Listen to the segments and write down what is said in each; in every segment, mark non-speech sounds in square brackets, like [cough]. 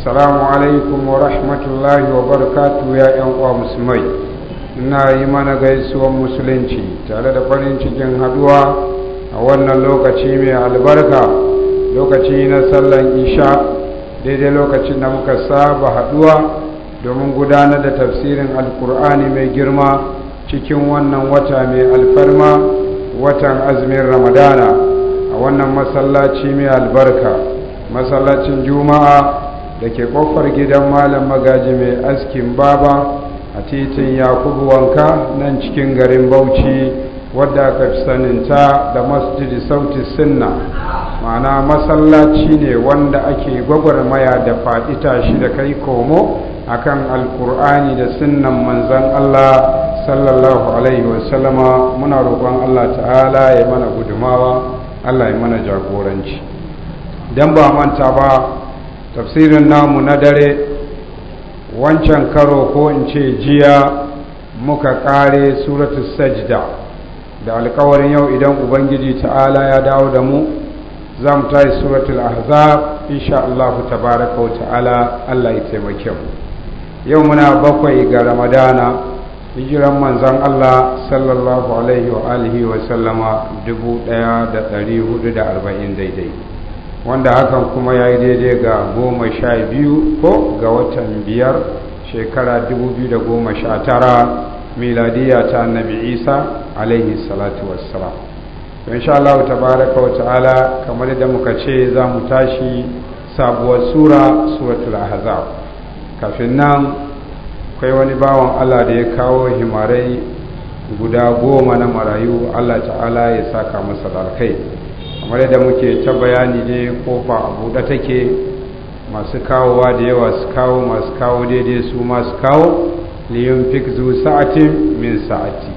assalamu alaikum wa rahmatullahi wa barkatu ya yan uwa musulmai ina yi mana gaisuwan musulunci tare da farin cikin haduwa a wannan lokaci mai albarka lokaci na sallan isha daidai lokacin da muka saba haduwa domin gudanar da tafsirin alkur'ani mai girma cikin wannan wata mai alfarma watan azumin ramadana a wannan masallaci mai albarka masallacin juma'a da ke kofar gidan malam magaji mai askin baba a titin yakubu wanka nan cikin garin bauchi wadda aka fi saninta da masjidi sauti sinna ma'ana masallaci ne wanda ake gwagwarmaya da faɗi tashi da kai komo a kan alkur'ani da sinna manzan allah sallallahu alaihi wasallama muna roƙon allah ta'ala ya mana gudumawa allah ya mana jagoranci don ba manta ba tafsirin namu na dare wancan karo ko in ce jiya muka kare suratu sajda da alkawarin yau idan ubangiji ta'ala ya dawo da mu za mu tayi suratul ahzab insha Allah tabaraka wa ta'ala Allah ya taimake mu yau muna bakwai ga ramadana hijiran manzon Allah sallallahu alaihi wa alihi wa sallama 1440 daidai wanda hakan kuma ya yi daidai ga goma sha biyu ko ga watan biyar shekara dubu biyu da goma sha tara miladiya ta annabi isa alaihi salatu wassalam in sha Allah baraka wa ta'ala kamar da muka ce za mu tashi sabuwar sura suratul ahzab kafin nan kai wani bawan Allah da ya kawo himarai guda goma na marayu Allah ta'ala ya saka masa da kamar yadda muke ta bayani dai kofa a buɗe take masu kawowa da yawa su kawo masu kawo daidai su masu kawo liyun fikzu sa'atin min sa'ati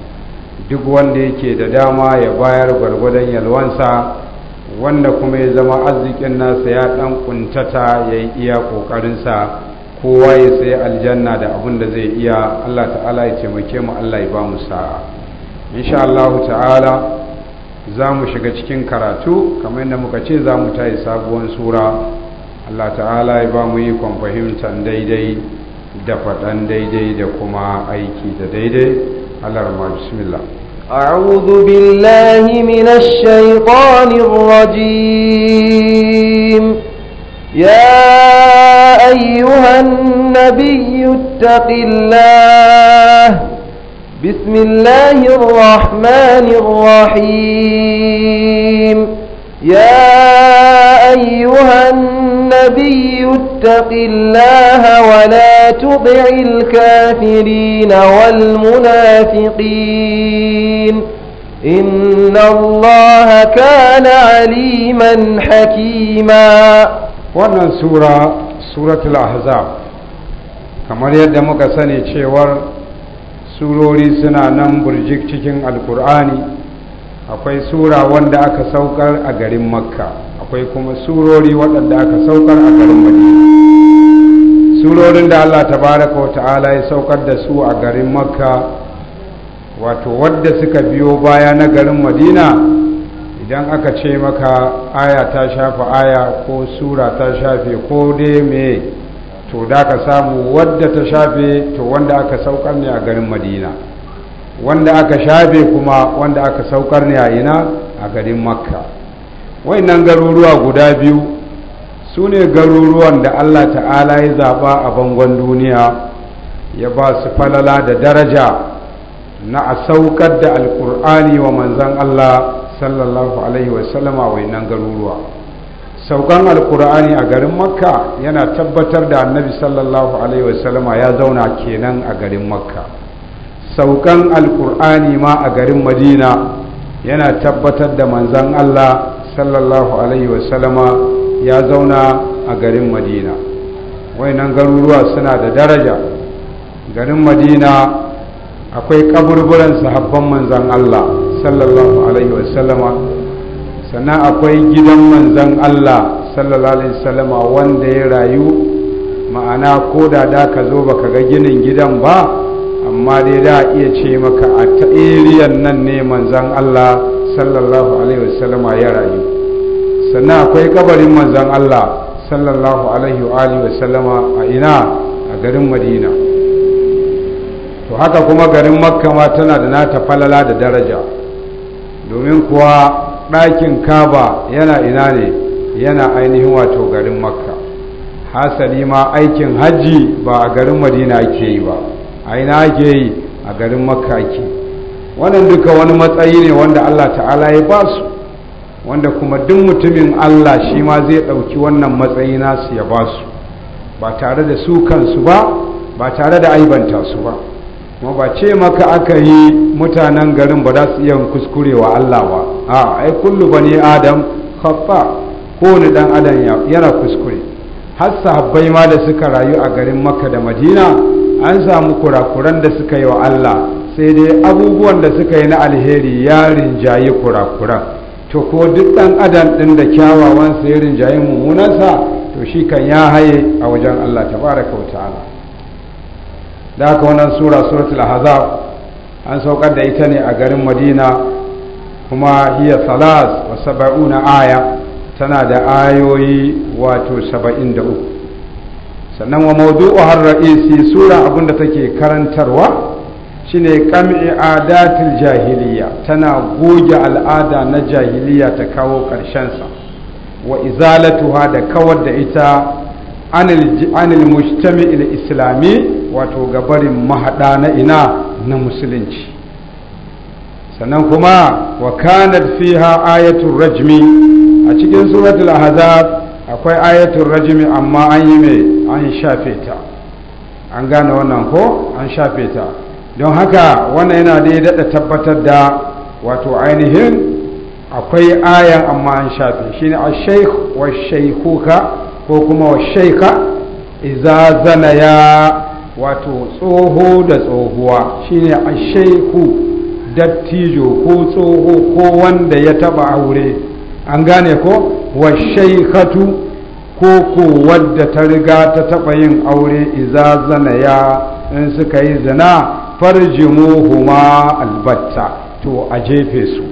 duk wanda yake da dama ya bayar gwargwadon yalwansa wanda kuma ya zama arzikin nasa ya ɗan ƙuntata ya yi iya ƙoƙarinsa kowa ya sayi aljanna da abin da zai iya allah ta'ala ya taimake mu allah ya ba mu sa'a insha allah ta'ala za mu shiga cikin karatu kamar yadda muka ce za mu tayi sabuwar sura Allah ta'ala ya ba mu yi fahimtar daidai da faɗan daidai da kuma aiki da daidai Allah rama bismillah أعوذ بالله من الشيطان الرجيم يا أيها النبي اتق الله بسم الله الرحمن الرحيم يا أيها النبي اتق الله ولا تطع الكافرين والمنافقين إن الله كان عليما حكيما وانا سورة سورة الأحزاب كما yadda مكساني sani surori suna nan burjik cikin alkur'ani akwai sura wanda aka saukar a garin makka akwai kuma surori waɗanda aka saukar a garin madina surorin da allah tabaraka wa ta'ala ya saukar da su a garin makka wato wadda suka biyo baya na garin madina idan aka ce maka aya ta shafa aya ko sura ta shafe ko dai me to da ka samu wadda ta shafe to wanda aka saukar ne a garin madina wanda aka shafe kuma wanda aka saukar ne a ina a garin makka nan garuruwa guda biyu su ne garuruwan da allah ta'ala ya zaba a bangon duniya ya ba su falala da daraja na a saukar da alkur'ani wa manzan allah sallallahu alaihi wasallama nan garuruwa saukan alkur'ani a garin makka yana tabbatar da annabi sallallahu alaihi wasallama ya zauna kenan a garin makka saukan alkur'ani ma a garin madina yana tabbatar da manzan allah sallallahu alaihi wasallama ya zauna a garin madina wainan garuruwa suna da daraja garin madina akwai kaburburan sahabban manzan allah sallallahu alaihi wasallama sannan akwai gidan manzan Allah sallallahu alaihi wasallam wanda ya rayu ma'ana ko da da ka zo baka ga ginin gidan ba amma dai da iya ce maka a ta eriyan nan ne manzan Allah sallallahu alaihi wasallam ya rayu sannan akwai kabarin manzan Allah sallallahu alaihi wa alihi wasallam a ina a garin Madina to haka kuma garin Makka ma tana da nata falala da daraja domin kuwa ɗakin kaba yana ina ne yana ainihin wato garin makka hasali ma aikin hajji ba a garin madina ake yi ba a ina ake yi a garin makka ake wannan duka wani matsayi ne wanda allah ta'ala ya ba su wanda kuma duk mutumin allah shi ma zai ɗauki wannan matsayi nasu ya ba su ba tare da su kansu ba ba tare da aibanta su ba kuma ba ce maka aka yi mutanen garin ba za su iya kuskurewa allah ba a ai kullu bani adam khata kowane dan adam yana kuskure har sahabbai ma da suka rayu a garin makka da madina an samu kurakuran da suka yi wa allah sai dai abubuwan da suka yi na alheri ya rinjayi kurakuran to ko duk dan adam din da kyawawan sai ya rinjaye mummunansa to shi kan ya haye a wajen allah tabaraka wa ta'ala da haka wannan sura suratul hazab an saukar da ita ne a garin madina kuma hiya salas wa saba'una aya tana da ayoyi wato saba'in da uku sannan wa maudu'u har ra'isi sura abinda take karantarwa shine kam'i adatil jahiliya tana goge al'ada na jahiliya ta kawo ƙarshensa wa izalatuha da kawar da ita anil mujtami'il islami wato gabarin mahaɗa na ina na musulunci sannan kuma wa kanat fiha ayatul rajmi a cikin suratul ahzab akwai ayatul rajmi amma an yi mai an shafe ta an gane wannan ko an shafe ta don haka wannan yana da ya tabbatar da wato ainihin akwai ayan amma an shafe shine a shaikh wa shaikuka ko kuma wa shaika iza zanaya wato tsoho da tsohuwa shine a shaiku dattijo ko tsoho ko wanda ya taba aure an gane ko wa shaikatu ko ko wadda ta riga ta taba yin aure iza zana ya in suka yi zina huma albatta to a jefe su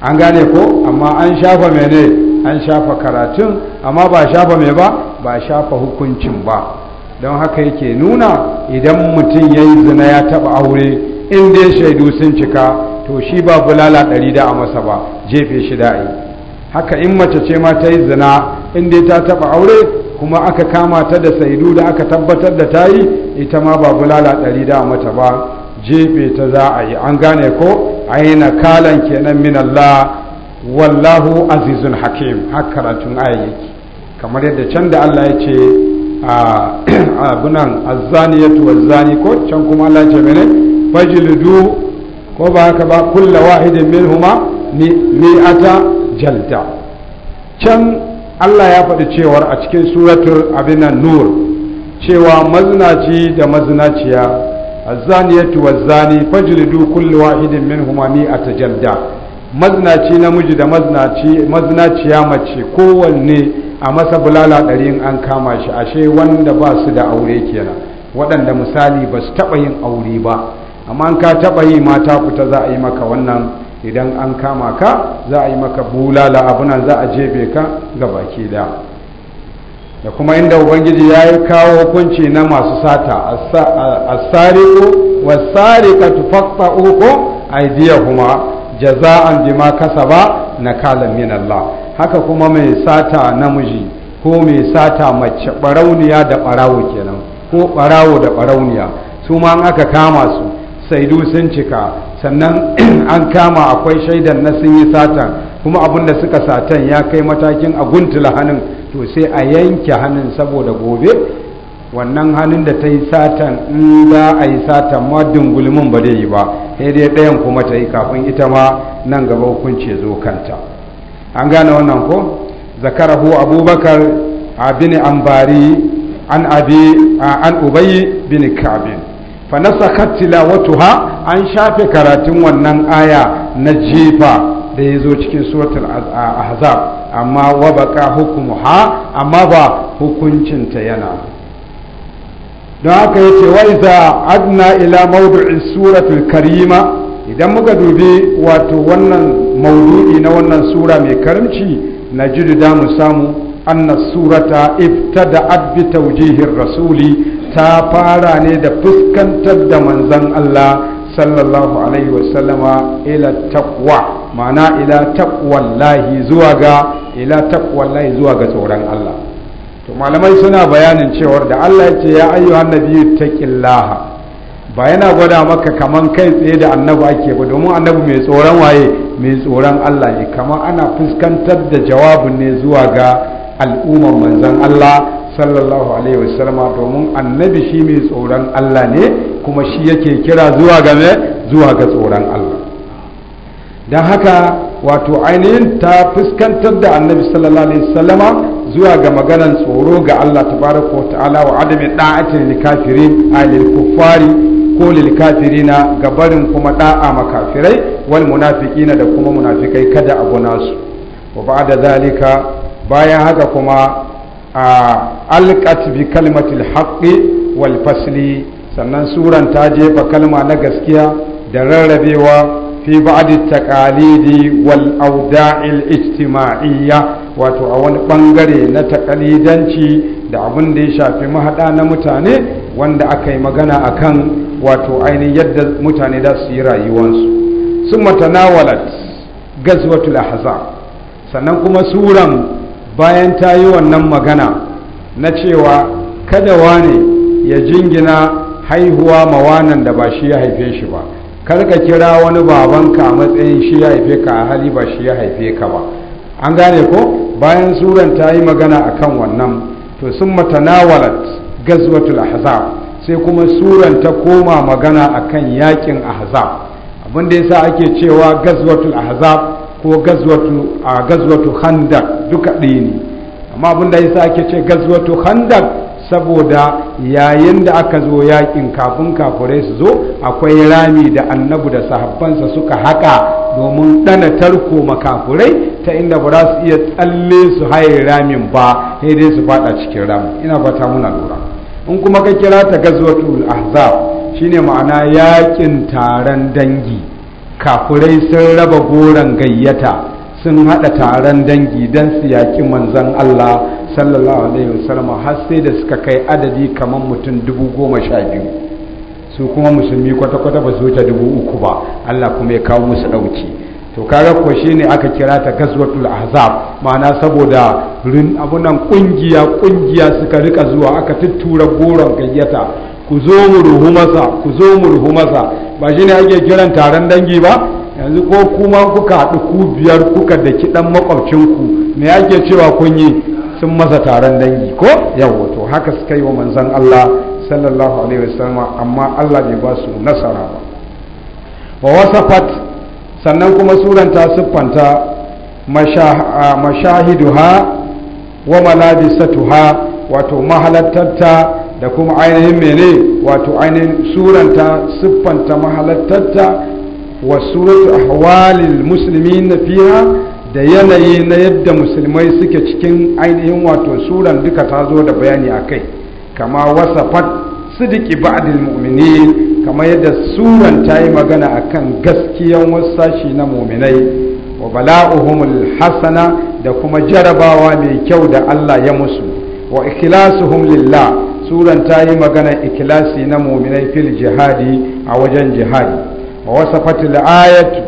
an gane ko amma an shafa mene an shafa karatun amma ba shafa mai ba ba shafa hukuncin ba don haka yake nuna idan mutum ya yi zina ya taba aure in dai shaidu sun cika to shi ba bulala ɗari da a masa ba jefe shi da yi haka in mace ce ma ta yi zina in dai ta taɓa aure kuma aka kama ta da saidu da aka tabbatar da ta yi ita ma ba bulala ɗari da a mata ba jefe ta za a yi an gane ko aina kalan kenan min Allah wallahu azizun hakim har karatun ayyaki kamar yadda can da Allah ya ce [clears throat] a abunan azzaniyatu wazzani ko can kuma Allah ya ce mene fajlidu ko ba haka ba kulla wahidin minhuma mi'ata jalda can Allah ya faɗi cewar a cikin suratul abinan nur cewa mazinaci da mazinaciya azzaniyatu wazzani fajlidu kullu wahidin minhuma mi'ata jalda mazinaci namiji da mazinaci mace kowanne a masa bulala ɗari in an kama shi ashe wanda ba su da aure kenan waɗanda misali ba su taɓa yin aure ba amma ka taɓa yi mata fita za a yi maka wannan idan an kama ka za a yi maka bulala abunan za a jefe ka ga baki da da kuma inda ubangiji ya yi kawo hukunci na masu sata a wa tsarika tufafa uku aidiya kuma jaza'an kasa ba na kalan min Allah haka kuma mai sata namiji ko mai sata mace barauniya da barawo kenan ko barawo da barauniya su ma aka kama su saidu sun cika sannan [clears throat] an kama akwai shaidan na sun yi satan kuma abin da suka satan ya kai matakin a guntula hannun to sai a yanke hannun saboda gobe wannan hannun da ta yi satan in za a yi satan ma dungulmin ba zai yi ba sai dai ɗayan kuma ta yi kafin ita ma nan gaba hukunci zo kanta an gane wannan ko zakarahu abubakar abin ambari an abi an ubayi bin kabin fa tilawatuha an shafe karatun wannan aya na jefa da ya zo cikin suratul ahzab amma wa baka ha, amma ba hukuncinta yana don haka ya ce wa iza adna ila mawdu'i suratul karima idan muka dubi wato wannan maudu'i na wannan sura mai karimci na da mu samu anna surata ibtada'at bi tawjihir rasuli ta fara ne da fuskantar da manzan Allah sallallahu alaihi wasallama ila taqwa ma'ana ila taqwallahi zuwa ga ila taqwallahi zuwa ga tsoron Allah to malamai suna bayanin cewa da Allah yake ce ya ayyuhan nabiyyu taqillaha ba yana gwada maka kaman kai tsaye da annabi ake ba domin annabi mai tsoron waye mai tsoron Allah ne Kama ana fuskantar da jawabin ne zuwa ga al'umman manzan Allah sallallahu alaihi wasallam domin annabi shi mai tsoron Allah ne kuma shi yake kira zuwa ga zuwa ga tsoron Allah dan haka wato ainihin ta fuskantar da annabi sallallahu alaihi wasallama zuwa ga maganan tsoro ga Allah tabaraka wa ta'ala wa adami da'ati lil kafirin alil kufari ko lil kafirina ga barin kuma da'a makafirai wal munafiqina da kuma munafikai kada a gona su wa ba'da zalika bayan haka kuma a alqat bi kalmatil haqqi wal fasli sannan suran ta jefa kalma na gaskiya da rarrabewa fi ba'di taqalidi wal awda'il ijtima'iyya wato a wani bangare na taƙalidanci da abin da ya shafi mahaɗa na mutane wanda aka yi magana a kan wato ainihin yadda mutane da su yi rayuwansu sun matanawalat gazwatul ahzab sannan kuma suran bayan ta yi wannan magana na cewa kada wane ya jingina haihuwa mawanan da ba shi ya haife shi ba kar ka kira wani baban ka a matsayin shi ya haife ka a hali ba shi ya haife ka ba an gane ko bayan suran ta yi magana akan wannan to sun matanawalat gazwatul ahzab sai kuma suran ta koma magana akan yakin ahzab abin da yasa ake cewa gazwatul ahzab ko gazwatu a gazwatu khandaq duka ɗaya ne amma abin da yasa ake ce gazwatu khandaq saboda yayin da aka zo yakin kafin kafurai su zo akwai rami da annabu da sahabbansa suka haka domin ɗana tarko makafurai ta inda ba za su iya tsalle su haye ramin ba sai dai su fada cikin ramin ina fata muna lura in kuma ka kira ta gazwatul ahzab shine ma'ana yakin taron dangi kafurai sun raba goron gayyata sun haɗa taron dangi don su yaƙi manzan Allah sallallahu alaihi wasallam har sai da suka kai adadi kamar mutum dubu goma sha biyu su kuma musulmi kwata-kwata ba su wuce dubu uku ba Allah kuma ya kawo musu ɗauki to kaga ko shine aka kira ta gazwatul ahzab ma'ana saboda abunan ƙungiya kungiya suka rika zuwa aka tuttura goron gayyata ku zo mu ruhumasa ku zo mu ruhumasa ba shine ake kiran taron dangi ba yanzu ko kuma kuka haɗu ku biyar kuka da ɗan makwabcinku me yake cewa kun yi sun masa taron dangi ko yawo to haka suka yi wa manzan Allah sallallahu alaihi wasallam amma Allah bai ba su nasara ba wa wasafat sannan kuma suran ta siffanta mashahiduha wa malabisatuha wato mahalattarta da kuma ainihin mene wato ainihin suranta siffanta mahalattarta wa suratu ahwalil na fiya da yanayi na yadda musulmai suke cikin ainihin wato suran duka ta zo da bayani a kai kama wasafat sidiki Ba'adin mu'mini kama yadda suran ta yi magana a kan gaskiyan wasu sashi na mu'minai wa bala'uhumul hasana da kuma jarabawa mai kyau da Allah ya musu wa ikhlasuhum lillah suran ta yi magana ikhlasi na mu'minai fil jihadi a wajen jihadi ووصفت الآية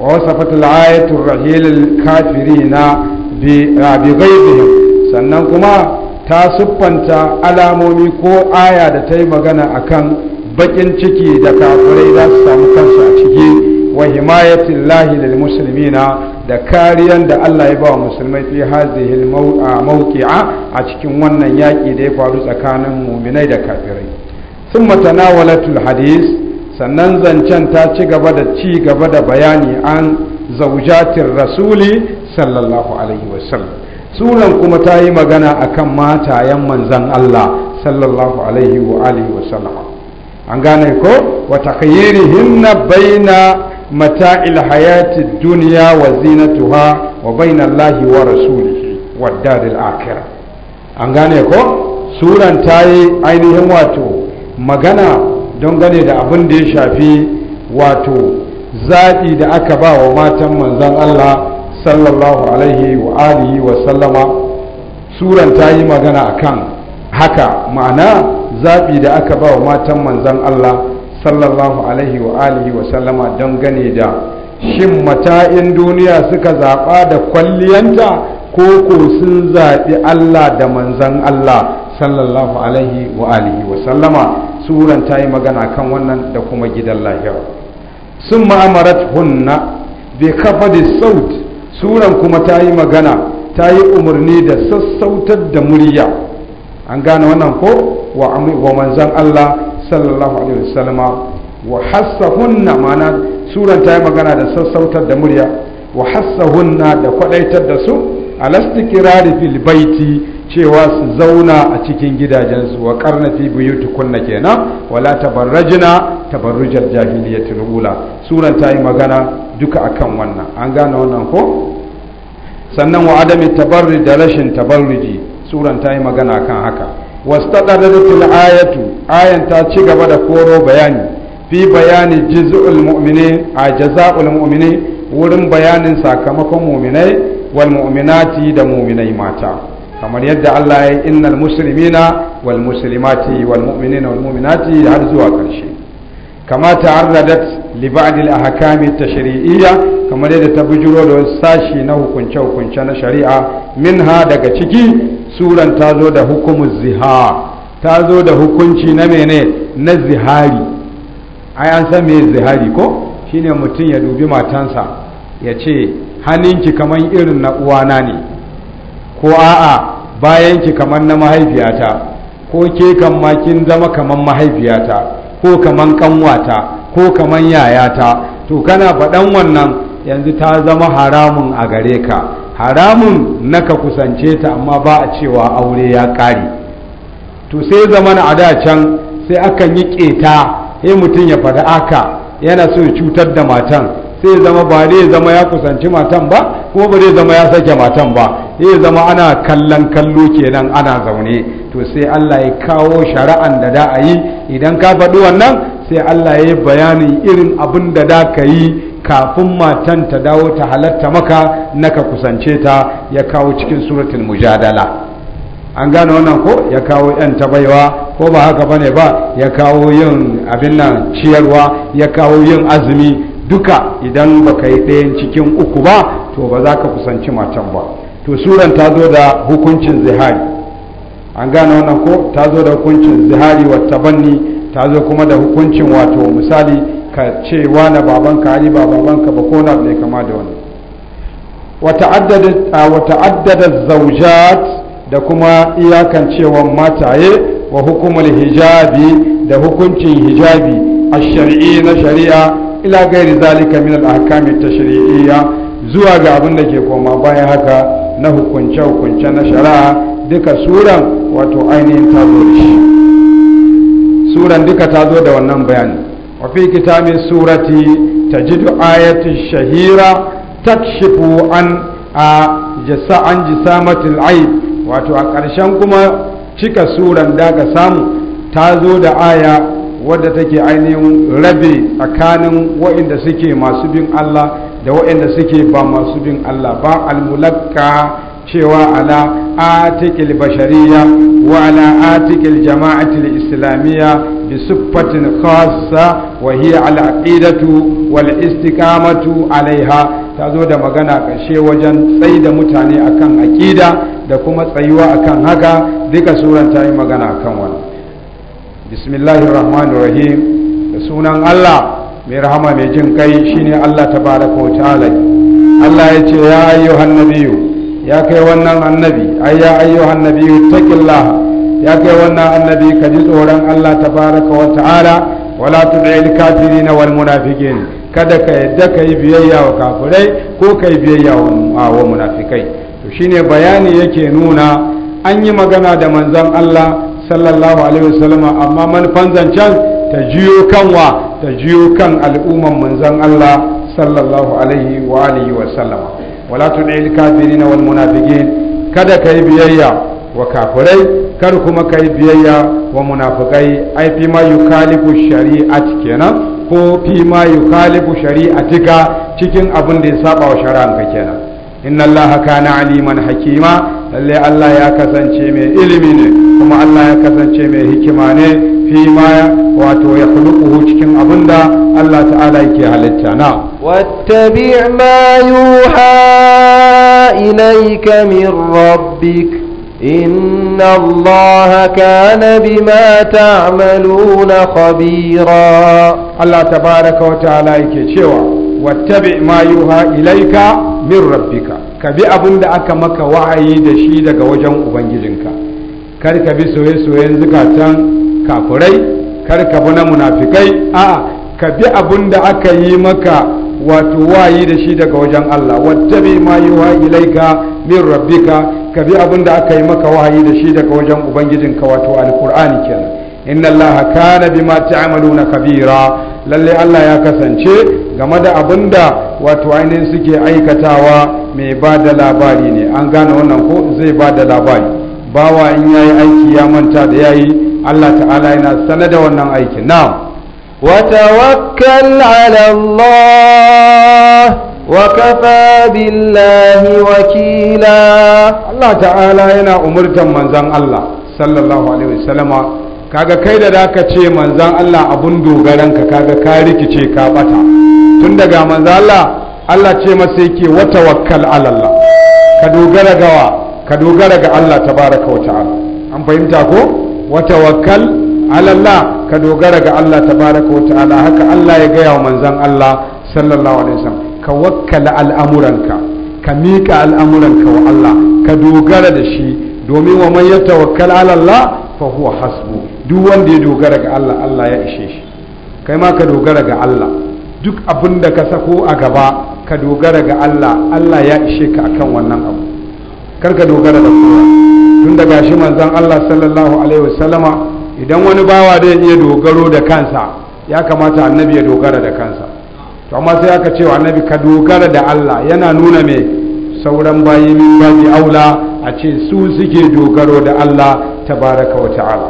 ووصفت الآية الرحيل الكافرين بغيظهم sannan kuma ta siffanta alamomi ko aya da ta yi magana akan bakin ciki da kafirai za su samu kansu a ciki wa himayatin lahi lil musulmina da kariyan da Allah ya ba wa musulmai fi hazihil mawqi'a a cikin wannan yaƙi da ya faru tsakanin muminai da kafirai sun matanawalatul hadis sannan zancen ta ci gaba da ci gaba da bayani an zaujatin rasuli sallallahu alaihi wasallam Sunan kuma ta yi magana a akan matayen manzan Allah sallallahu alaihi wa alihi wasallam an gane ko wata wa takhayyirihinna baina mata'il hayati dunya wa zinatuha wa baina Allah wa rasulihi wa daril akhirah an gane ko suran ta yi ainihin wato magana don gane da abin da ya shafi wato zaɓi da aka ba wa matan manzan Allah sallallahu alaihi wa alihi wa sallama suran ta yi magana akan haka ma'ana zaɓi da aka ba wa matan manzan Allah sallallahu alaihi wa alihi wa sallama don gane da shin mata'in duniya suka zaɓa da kwalliyanta ko ko sun zaɓi Allah da manzan Allah sallallahu alaihi wa alihi wa sallama suran ta yi magana kan wannan da kuma gidan lahira sun ma'amarat hunna bi kafa da saut suran kuma ta yi magana ta yi umarni da sassautar da murya an gane wannan ko wa manzan Allah sallallahu alaihi wa sallama wa hassahunna mana suran ta yi magana da sassautar da murya wa hassahunna da kwadaitar da su alastikirari fil baiti cewa su zauna a cikin gidajensu wa karna fi buyutukunna kenan wala tabarrajna tabarrujar jahiliyatul rubula suran ta yi magana duka akan wannan an gane wannan ko sannan wa adami tabarruj da rashin tabarruji suran ta yi magana akan haka wastadaratul ayatu ayan ta ci gaba da koro bayani fi bayani juz'ul mu'minin a jaza'ul mu'minin wurin bayanin sakamakon mu'minai wal mu'minati da mu'minai mata kamar yadda Allah ya yi innal muslimina wal muslimati wal mu'minina wal mu'minati har zuwa ƙarshe kama ta'arradat li ba'd al ahkam at tashri'iyya kamar yadda ta bujuro da wasu sashi na hukunce hukunce na shari'a minha daga ciki suran ta zo da hukumu ziha ta zo da hukunci na mene na zihari ai an san me zihari ko shine mutum ya dubi matansa ya ce hannunki kamar irin na uwana ne ko a'a bayan ki kamar na mahaifiyata ko ke kan ma kin zama kaman mahaifiyata ko kaman kanwata ko kaman yayata to kana faɗan wannan yanzu ta zama haramun a gare ka haramun naka kusance ta amma ba a cewa aure ya ƙare to sai zaman a da can sai akan yi ƙeta sai mutum ya faɗi aka yana so ya cutar da matan sai zama ba zai zama ya kusanci matan ba ko ba zai zama ya sake matan ba zai zama ana kallon kallo kenan ana zaune to sai Allah ya kawo shari'an da da a yi idan ka faɗi wannan sai Allah ya yi bayanin irin abin da da ka yi kafin matan ta dawo ta halatta maka na ka kusance ta ya kawo cikin suratul mujadala an gane wannan ko ya kawo yan tabaiwa ko ba haka bane ba ya kawo yin abin nan ciyarwa ya kawo yin azumi duka idan ba ka yi ɗayan cikin uku ba to ba za ka kusanci matan ba to suran ta zo da hukuncin zihari an gane wannan ko ta zo da hukuncin zihari wata banni ta zo kuma da hukuncin wato misali ka ce wane babanka ali ba babanka ba ko na bai kama da wani wata addada zaujat da kuma iyakancewan mataye wa hukumar hijabi da hukuncin hijabi a shari'i na shari'a ila gairi zalika min al-ahkam at-tashri'iyya zuwa ga abin da ke koma bayan haka na hukunce hukunce na shari'a duka suran wato ainihin ta zo da shi suran duka ta zo da wannan bayani wa fi kitabi surati tajidu ayati shahira takshifu an a jasa an jisamatil aib wato a karshen kuma cika suran da ka samu ta zo da aya wadda take ainihin rabe tsakanin wa'inda suke masu bin Allah da wa'inda suke ba masu bin Allah ba almulakka cewa ala atikil bashariya wa ala atikil jama'atil islamiyya bi siffatin khassa wa hiya al aqidatu wal istiqamatu alaiha ta zo da magana ƙarshe wajen tsai da mutane akan aƙida da kuma tsayuwa akan haka duka suran ta yi magana akan wani bismillahir rahmanir rahim da sunan Allah mai rahama mai jin kai shine Allah tabaraka wa ta'ala Allah ya ce ya ayyuhan nabiyyu ya kai wannan annabi ay ya ayyuhan nabiyyu taqillaha ya kai wannan annabi ka ji tsoron Allah tabaraka wa ta'ala wala tud'il na wal munafiqin kada ka yadda ka yi biyayya wa kafirai ko ka yi biyayya wa munafikai to shine bayani yake nuna an yi magana da manzon Allah sallallahu alaihi wasallam amma manufan zancen ta jiyo kanwa ta jiyo kan al'umman manzon Allah sallallahu alaihi wa alihi wasallam wala tud'il kafirin wal munafiqin kada kai biyayya wa kafirai kar kuma kai biyayya wa munafiqai ai fi ma yukalifu shari'at kenan ko fi ma yukalifu shari'atika cikin abin da ya saba wa shari'anka kenan inna allaha kana aliman hakima lalle Allah ya kasance mai ilimi ne kuma Allah ya kasance mai hikima ne fi ma wato ya khuluquhu cikin abinda Allah ta'ala yake halitta na wattabi ma yuha ilayka min rabbik inna Allah kana bima ta'maluna khabira Allah tabaraka wa ta'ala yake cewa wattabi ma yuha ilayka min rabbika ka bi abin da aka maka wa'ayi da shi daga wajen ubangijinka kar ka bi soye-soyen zukatan kafurai kar ka bi na munafikai a ka bi abin da aka yi maka wato wa'ayi da shi daga wajen Allah wata bi ma yi wa ilaika min rabbika ka bi abin da aka yi maka wa'ayi da shi daga wajen ubangijinka wato alkur'ani kenan inna allaha kana bima ta'maluna kabira lalle Allah ya kasance game da abin da wato ainihin suke aikatawa mai ba da labari ne an gane wannan ko zai ba da labari bawa in yayi aiki ya manta da yayi Allah ta'ala yana sanar da wannan aikin na'am Wata wakkan 'ala yana umurtan manzan Allah sallallahu alaihi wasallama kaga kai da zaka ce manzan Allah abun dogaran ka kaga ka rikice ka bata tun daga manzo Allah Allah ce masa yake wa tawakkal ala Allah ka dogara gawa ka dogara ga Allah tabaraka wa ta'ala an fahimta ko wa tawakkal ala Allah ka dogara ga Allah tabaraka wa ta'ala haka Allah ya gaya wa manzon Allah sallallahu alaihi wasallam ka wakkala al'amuranka ka miƙa al'amuranka wa Allah ka dogara da shi domin wa man ya tawakkal ala Allah fa huwa hasbu duk wanda ya dogara ga Allah Allah ya ishe shi kai ma ka dogara ga Allah duk abin da ka sako a gaba ka dogara ga Allah Allah ya ishe ka akan wannan abu kar ka dogara da kowa tun da gashi manzon Allah sallallahu alaihi wasallama idan wani bawa da iya dogaro da kansa ya kamata annabi ya dogara da kansa to amma sai aka cewa annabi ka dogara da Allah yana nuna me sauran bayi min baji aula a ce su suke dogaro da Allah tabaraka wa ta'ala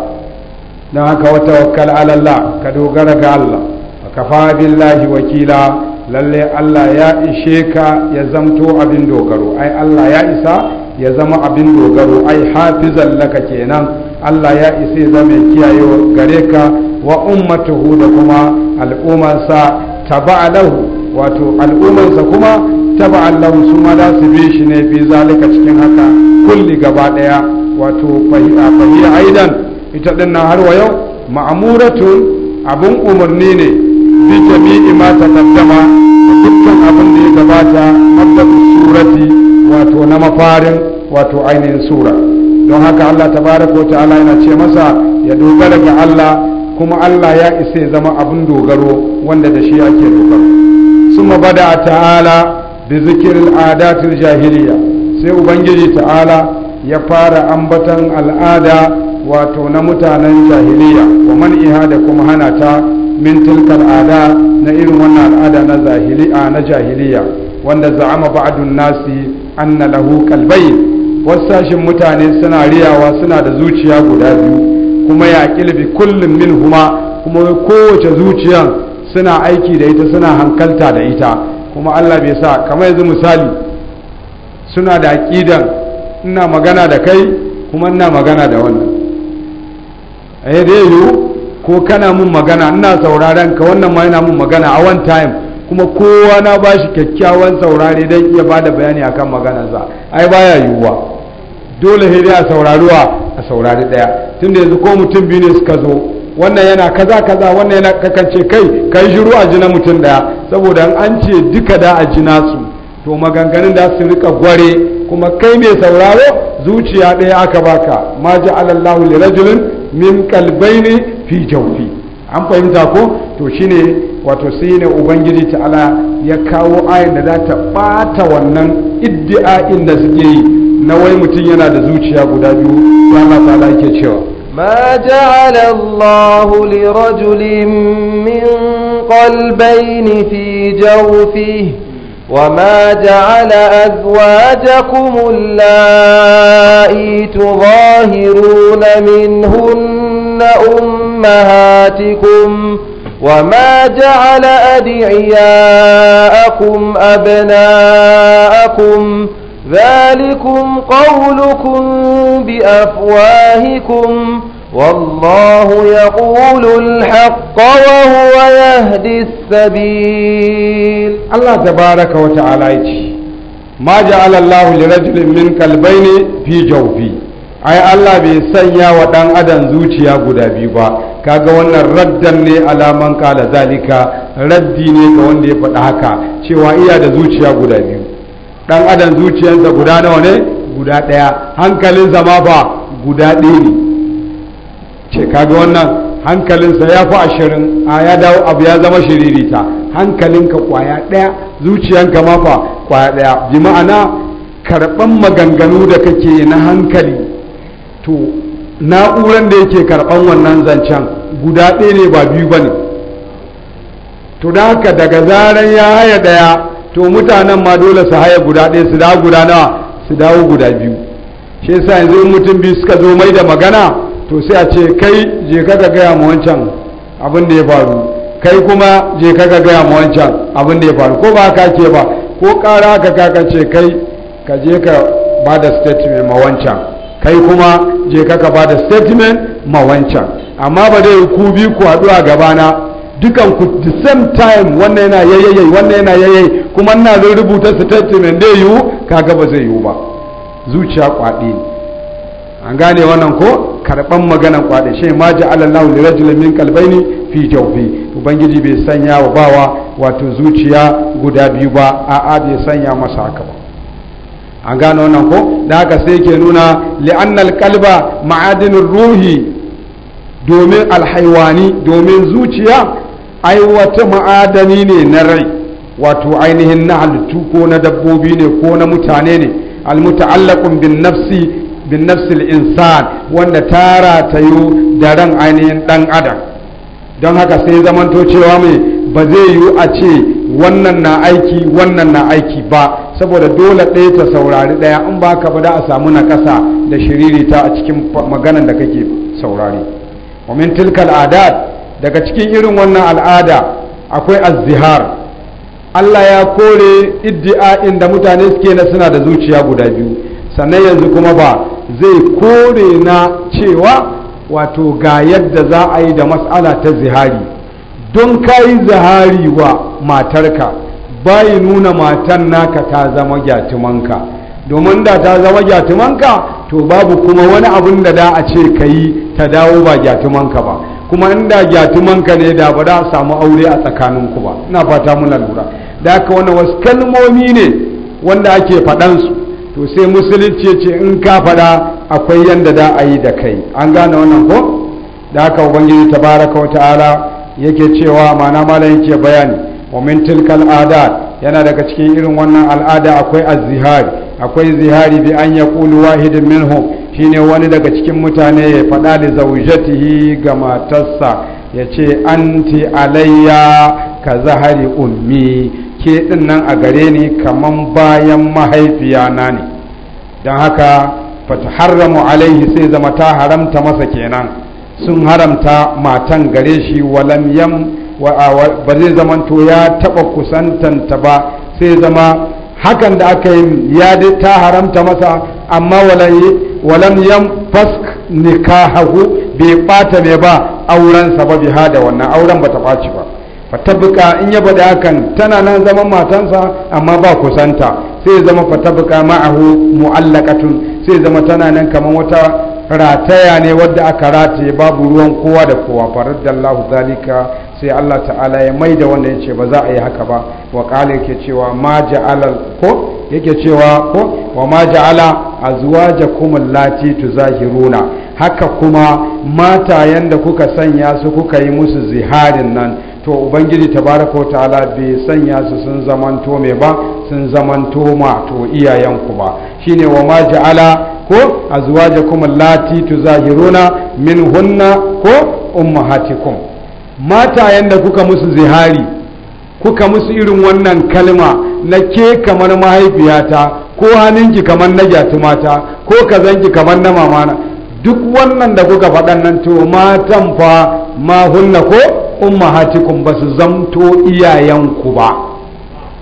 don haka wata ala Allah ka dogara ga Allah kafa billahi wakila lalle Allah ya ishe ka ya zamto abin dogaro ai Allah ya isa ya zama abin dogaro ai hafizan laka kenan Allah ya isa ya zama kiyaye gare ka wa ummatuhu da kuma al'ummarsa sa wato al'ummarsa kuma tabalahu su ma da su bi shi ne bi zalika cikin haka kulli gaba daya wato fahiya aidan ita dinnan har wa yau ma'amuratu abun umarni ne fi jami'i ma ta da dukkan abin da ya gabata mabda'u surati wato na mafarin wato ainihin sura don haka Allah tabaraka ta'ala yana ce masa ya dogara ga Allah kuma Allah ya isa ya zama abin dogaro wanda da shi ake dogaro summa bada ta'ala bi zikril adatil jahiliya sai ubangiji ta'ala ya fara ambatan al'ada wato na mutanen jahiliya wa man'iha da kuma hana ta min tilkal na irin wannan al'ada na zahiliya na jahiliya wanda za'ama ba'dun nasi anna lahu wasu wasashin mutane suna riyawa suna da zuciya guda biyu kuma ya kullum min huma kuma kowace zuciyan suna aiki da ita suna hankalta da ita kuma Allah bai sa kamar yanzu misali suna da aqidan ina magana da kai kuma ina magana da wannan eh dai yiwu ko kana mun magana ina sauraren ka wannan ma yana mun magana a one time kuma kowa na ba shi kyakkyawan saurare don iya ba da bayani a kan maganarsa ai baya yiwuwa dole sai a sauraruwa a saurari ɗaya tunda yanzu ko mutum biyu ne suka zo wannan yana kaza kaza wannan yana kakance kai kai shiru a jina mutum ɗaya saboda an ce duka da a ji nasu to maganganun da su rika gware kuma kai mai sauraro zuciya ɗaya aka baka ma ja'alallahu lirajulin min ne. fi jaufi an fahimta ko to shine wato sai ne ubangiji ta'ala ya kawo ayin da za ta bata wannan iddi'a'in da suke yi na wai mutum yana da zuciya guda biyu ya Allah ta'ala ke cewa ma ja'ala Allah li rajulin min qalbayni fi jawfihi وما جعل أزواجكم اللائي تظاهرون منهن أمهاتكم وما جعل أدعياءكم أبناءكم ذلكم قولكم بأفواهكم والله يقول الحق وهو يهدي السبيل الله تبارك وتعالى ما جعل الله لرجل من كلبين في جوفي ai Allah bai sanya wa ɗan adam zuciya guda biyu ba kaga wannan raddan ne alaman kala zalika raddi ne ga wanda ya faɗa haka cewa iya da zuciya guda biyu ɗan adam zuciyarsa guda nawa ne guda ɗaya hankalinsa ma ba guda ɗaya ne ce kaga wannan hankalinsa ya fi ashirin a ya dawo abu ya zama shiririta hankalinka kwaya ɗaya zuciyanka ma fa kwaya ɗaya bi ma'ana karɓan maganganu da kake na hankali to na'uran da yake karɓan wannan zancen guda ɗaya ne ba biyu ba ne to da haka daga zaran ya haya ɗaya to mutanen ma dole su haya guda ɗaya su dawo guda nawa su dawo guda biyu shi yasa yanzu in mutum biyu suka zo mai da magana to sai a ce kai je ka gaya ma wancan abin da ya faru kai kuma je ka gaya ma wancan abin da ya faru ko ba ka ke ba ko ƙara ka kaka ce kai ka je ka ba da statement ma wancan kai kuma je ka ka bada statement ma wancan amma ba dai ku bi ku haɗu a gabana dukan ku the same time wannan yana yayaye wannan yana yayaye kuma ina zan rubuta statement dai yiwu kaga ba zai yiwu ba zuciya kwaɗi an gane wannan ko karɓan maganan kwaɗi shi ma ja'alallahu li rajulin min ni fi jawfi ubangiji bai sanya wa bawa wato zuciya guda biyu ba a'a bai sanya masa haka ba an gano wannan ko da haka sai ke nuna li'annal kalba ma'adinin ruhi domin alhaiwani domin zuciya ai wata ma'adani ne na rai wato ainihin na halittu ko na dabbobi ne ko na mutane ne almuta'allakun bin nafsi bin nafsil insan wanda tara yi da ran ainihin dan adam don haka sai zamanto cewa mai ba zai yiwu a ce wannan na aiki wannan na aiki ba saboda dole ɗaya ta saurari ɗaya in ba ka ba da a samu na ƙasa da shiririta a cikin maganan da kake saurari wamin tilkal al'ada daga cikin irin wannan al'ada akwai azihar. Allah ya kore iddi'a'in da mutane suke na suna da zuciya guda biyu sannan yanzu kuma ba zai kore na cewa wato ga yadda za a yi da mas'ala ta zihari don kayi zihari wa matarka bayi nuna matan naka ta zama gyatumanka domin da ta zama gyatumanka to babu kuma wani abin da da a ce ka yi ta dawo ba gyatumanka ba kuma inda gyatumanka ne da ba da a samu aure a tsakaninku ba ina fata muna lura da haka wani wasu kalmomi ne wanda ake faɗansu to sai musulunci ce in ka faɗa akwai yadda da a yi da kai an gane wannan ko da haka ubangiji tabaraka wa ta'ala yake cewa ma'ana malam yake bayani wa min yana daga cikin irin wannan al'ada akwai az-zihari akwai zihari bi an yaqulu wahidun minhum shine wani daga cikin mutane ya faɗa da ga matarsa ya ce anti alayya ka zahari ummi ke nan a gare ni kaman bayan mahaifiyana ne don haka fata haramu alaihi sai zama ta haramta masa kenan sun haramta matan gare shi walam yam ba zai zamanto ya taba kusantanta ba sai zama hakan da aka yi ya ta haramta masa amma walam yan fask nikahahu bai ɓata mai ba aurensa ba biha da wannan auren ba ta ɓaci ba fatabuka in ya bada hakan tana nan zaman matansa amma ba kusanta sai zama fatabika ma'ahu tun sai zama tana nan kamar wata rataya ne wadda aka rataye babu ruwan kowa da kowa allahu zalika sai Allah ta'ala ya mai da wanda ya ce ba za a yi haka ba wa ƙala yake cewa ma ja'ala ko yake cewa ko wa ma ja'ala azwajakum allati tuzahiruna haka kuma mata da kuka sanya su kuka yi musu ziharin nan to ubangiji ta tabaraka ta'ala bai sanya su sun zamanto me ba sun zamanto ma to iyayenku ba shine wa ma ja'ala ko azwajakum allati tuzahiruna hunna ko ummahatikum matayen da kuka musu zihari kuka musu irin wannan kalma na ke kamar mahaifiyata ko hannunki kamar na gyatumata ko kazanki kamar na mamana duk wannan da kuka faɗan nan to matan fa ma hunna ko ummahatikum ba su zamto iyayenku ba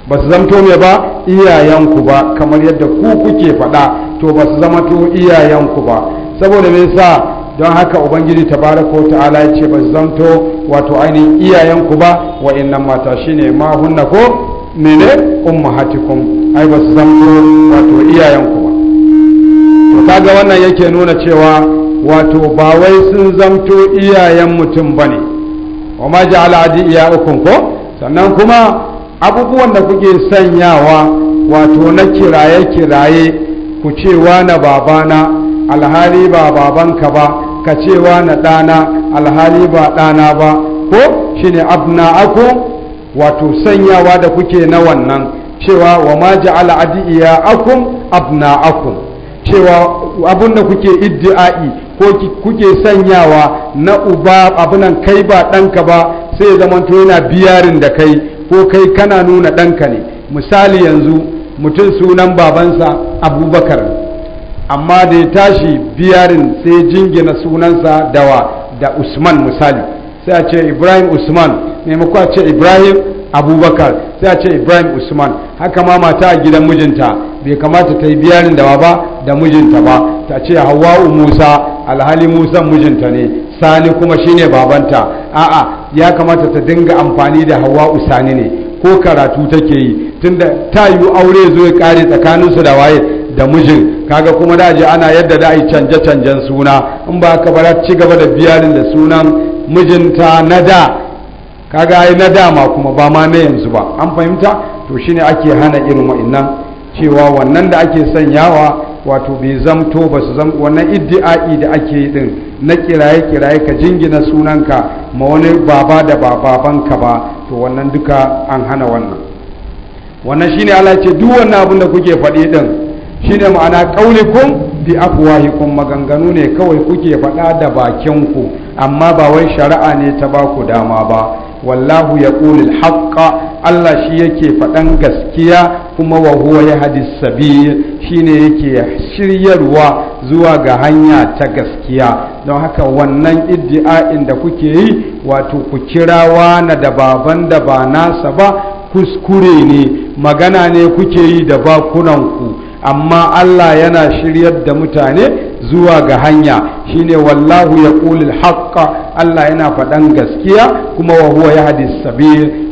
ba su zamto me ba iyayenku ba kamar yadda ku kuke faɗa to ba su zama iyayenku ba saboda me sa. don haka ubangiji ta ta ta'ala ya ce ba zanto wato ainihin iyayenku ba wa innan mata shine ma hunna ko mene hatikun? ai ba zanto wato iyayenku ba to kaga wannan yake nuna cewa wato ba wai sun zanto iyayen mutum ba ne? wa ma ja'ala iya ko sannan kuma abubuwan da kuke sanyawa wato na kiraye kiraye ku ce na babana alhari ba babanka ba ka cewa na ɗana alhali ba ɗana ba ko shi ne shine aku wato sanyawa da kuke na wannan cewa wa ma ja'ala abna abna'akum cewa abun da kuke iddi'ai ko kuke sanyawa na uba abunan kai ba ɗanka ba sai ya zamanto yana biyarin da kai ko kai kana nuna ɗanka ne misali yanzu mutum sunan babansa abubakar amma da ya tashi biyarin sai jingina sunansa dawa da usman misali sai a ce ibrahim usman maimako a ce ibrahim abubakar sai a ce ibrahim usman haka ma mata a gidan mijinta bai kamata ta yi biyarin dawa ba da mijinta ba ta ce hawa'u musa alhali musa mijinta ne sani kuma shine babanta a'a ya kamata ta dinga amfani da hawa'u sani ne ko karatu take yi tunda ta yiwu aure zo ya kare tsakaninsu da waye da mijin kaga kuma da je ana yadda da ai canje-canjen suna in ba ka bar ci gaba da biyarin da sunan mijinta na da kaga ai na dama kuma ba ma na yanzu ba an fahimta to shine ake hana irin wa'annan cewa wannan da ake sanyawa wato bai zamto ba su zam wannan iddi'a'i da ake yi din na kiraye-kiraye ka jingina sunanka ma wani baba da babanka ba to wannan duka an hana wannan wannan shine Allah ce duk wannan abin da kuke faɗi din shine ma'ana qaulukum bi afwahikum maganganu ne kawai kuke faɗa da bakin ku amma ba wai shari'a ne ta ba ku dama ba wallahu ya yaqulul haqqa Allah shi yake faɗan gaskiya kuma wa huwa biyu sabil shine yake shiryarwa zuwa ga hanya ta gaskiya don haka wannan iddi'a'in da kuke yi wato ku kirawa na da baban da ba nasa ba kuskure ne magana ne kuke yi da bakunanku amma Allah yana shiryar da mutane zuwa ga hanya shine wallahu ya ƙulil haƙƙa Allah yana faɗan gaskiya kuma wa huwa yahdi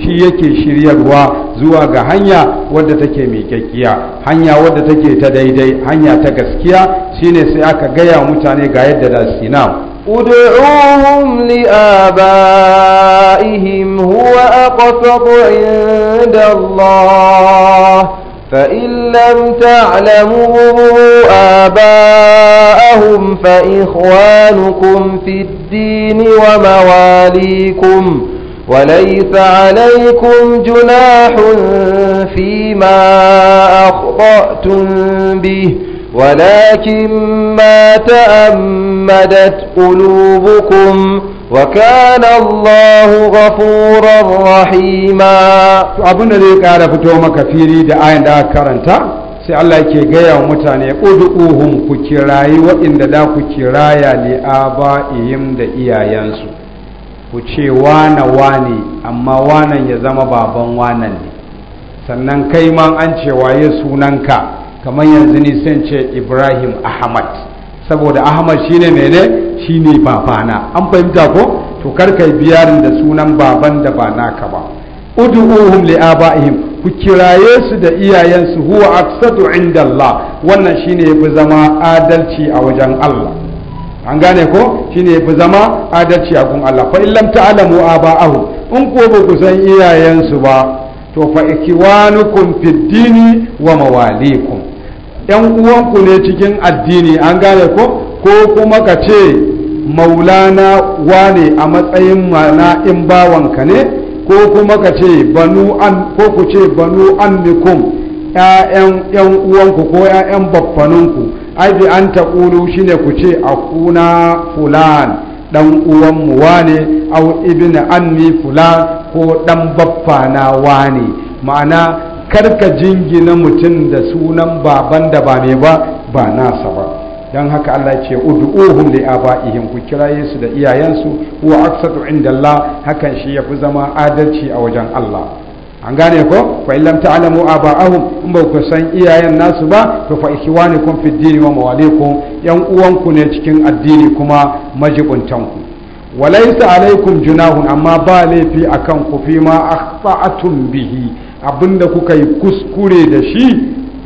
shi yake shiryarwa zuwa ga hanya wadda take miƙaƙiya hanya wadda take ta daidai hanya ta gaskiya shine sai aka gaya mutane ga yadda da sina ادعوهم li'aba'ihim huwa أقسط عند Allah. فإن لم تعلموا آباءهم فإخوانكم في الدين ومواليكم وليس عليكم جناح فيما أخطأتم به ولكن ما تأمدت قلوبكم وكان الله غفورا رحيما abin da zai kara fito maka fili da ayin aka karanta sai Allah yake gaya wa mutane ud'uhum ku kirayi waɗanda da ku kiraya li aba'ihim da iyayensu ku ce wana wane amma wanan ya zama baban wanan ne sannan kai ma an ce waye sunanka kamar yanzu ni san ce ibrahim ahmad saboda ahmad shine mene shine babana an fahimta ko to karkai biyarin da sunan baban da ba naka ba ud'uhum li abaihim ku kiraye su da iyayensu huwa aqsadu inda wannan shine yafi zama adalci a wajen Allah an gane ko shine yafi zama adalci a gun Allah fa illam ta'lamu aba'ahu in ko ba ku san iyayensu ba to fa ikwanukum fid dini wa mawalikum yan uwanku ne cikin addini an gane ko ko kuma ka ce maulana wane a matsayin mana in bawanka ne ko kuma ka ce banu an ko ku ce banu annikum ƴaƴan ƴan uwanku ko ƴaƴan baffaninku ai bi an shi shine ku ce a kuna fulan dan uwan mu wane au ibnu anni fulan ko dan na wane ma'ana karka jingina mutum da sunan baban da ba ne ba ba nasa ba don haka Allah ce ud'uhum li abaihim ku kiraye su da iyayensu wa aksatu inda Allah hakan shi ya fi zama adalci a wajen Allah an gane ko fa illam ta'lamu aba'ahum in ba ku san iyayen nasu ba to fa ikhwanukum fid dini wa mawalikum yan uwanku ne cikin addini kuma majibuntanku walaisa alaikum junahun amma ba laifi akan ku fi ma akhta'atum bihi abinda kuka yi kuskure da shi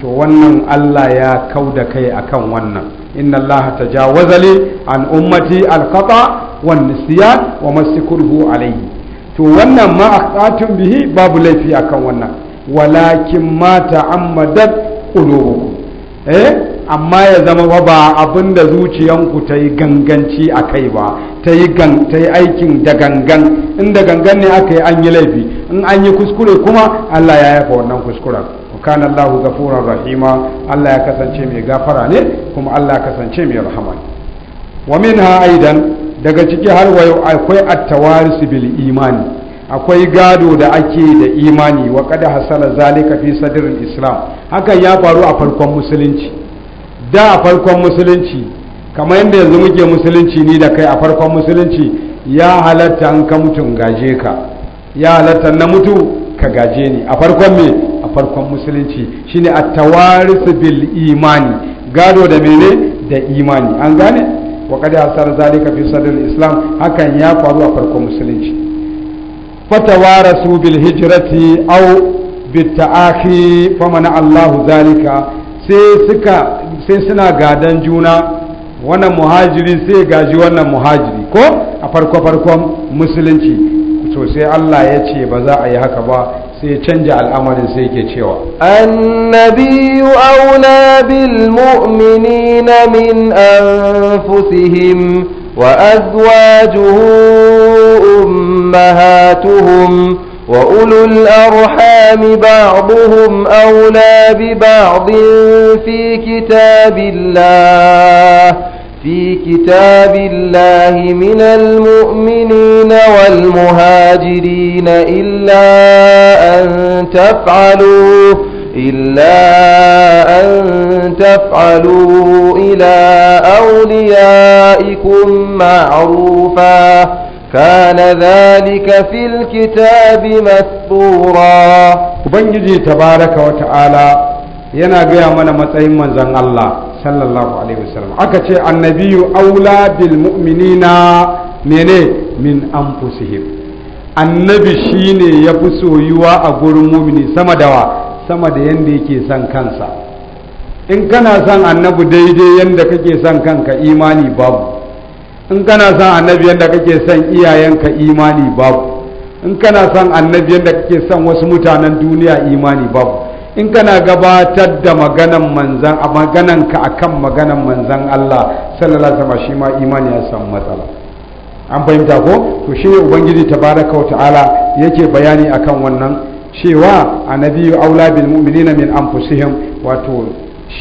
to wannan Allah ya kauda kai akan wannan inna Allah tajawaza li an ummati alqata wan nisyan wa masikurhu alaihi to wannan ma akhta'atum bihi babu laifi akan wannan walakin ma ta'ammadat qulubukum eh amma ya zama ba abin da zuciyanku ta yi ganganci a kai ba ta yi aikin da gangan in da gangan ne aka yi an yi laifi in an yi kuskure kuma allah ya yafa wannan kuskuren kan allah gafuran rahima allah ya kasance mai gafara ne kuma allah ya kasance mai rahama wa min ha aidan daga ciki har wayo akwai at-tawaris bil imani akwai gado da ake da imani wa kada hasala zalika fi islam hakan ya faru a farkon musulunci da a farkon musulunci kamar yadda yanzu muke musulunci ni da kai a farkon musulunci ya halatta an ka mutum gaje ka ya halatta na mutu ka gaje ni a farkon me a farkon musulunci shine at-tawaris bil imani gado da mene da imani an gane wa qad asar zalika fi sadr islam hakan ya faru a farkon musulunci fatawarasu bil hijrati aw bit ta'akhi famana Allahu zalika sai suka sai suna gadan juna wannan muhajiri sai gaji wannan muhajiri ko a farko farkon musulunci to sai Allah ya ce ba za a yi haka ba sai canja al'amarin sai ke cewa annabiyu auna bil mu'minina min anfusihim wa azwajuhu ummahatuhum وأولو الأرحام بعضهم أولى ببعض في كتاب الله في كتاب الله من المؤمنين والمهاجرين إلا أن تفعلوا إلا أن تفعلوا إلى أوليائكم معروفاً كان ذلك في الكتاب مسطورا ubangiji tabaraka wa ta'ala yana gaya mana matsayin manzon Allah sallallahu alaihi wasallam aka ce annabiyu aula bil mu'minina mene min anfusihim annabi shine ya fi soyuwa a gurin mumini sama da wa sama da yanda yake son kansa in kana son annabi daidai yanda kake son kanka imani babu in kana son annabi yadda kake son iyayenka imani babu in kana son annabi yadda kake son wasu mutanen duniya imani babu in kana gabatar da maganan manzan a magananka akan maganan manzan Allah sallallahu alaihi wasallam shi ma imani ya san matsala an fahimta ko to shi ne ubangiji tabaraka wa ta'ala yake bayani akan wannan cewa annabi aula bil mu'minina min anfusihim wato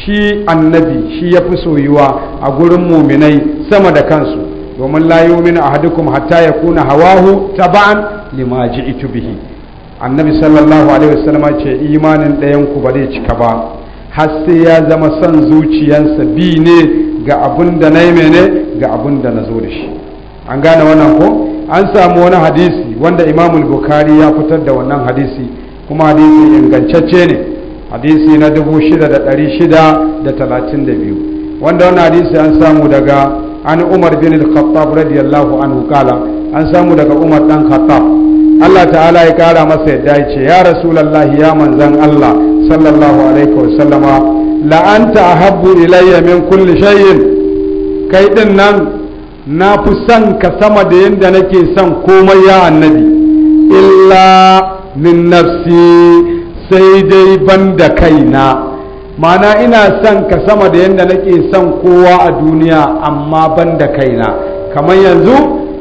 shi annabi shi yafi soyuwa a gurin muminai sama da kansu domin la a hadukum hatta ya yakuna hawahu taba'an lima ji'tu bihi annabi sallallahu alaihi wasallam ce imanin ɗayan ku ba zai cika ba har sai ya zama son zuciyansa bi ne ga abin da na yi mene ga abin da na zo da shi an gane wannan ko an samu wani hadisi wanda imamul bukari ya fitar da wannan hadisi kuma hadisi ingantacce ne hadisi na 6632 wanda wannan hadisi an samu daga an umar bin al-khattab radiyallahu anhu kala an samu daga umar dan khattab Allah ta'ala ya kara masa yadda ya ce ya rasulullahi ya manzan Allah sallallahu alaihi wasallama la anta ahabbu ilayya min kulli shay'in kai ɗinnan na fi son ka sama da yadda nake son komai ya annabi illa min nafsi sai dai ban da kaina mana ina son ka sama da yadda nake son kowa a duniya amma ban da kaina kamar yanzu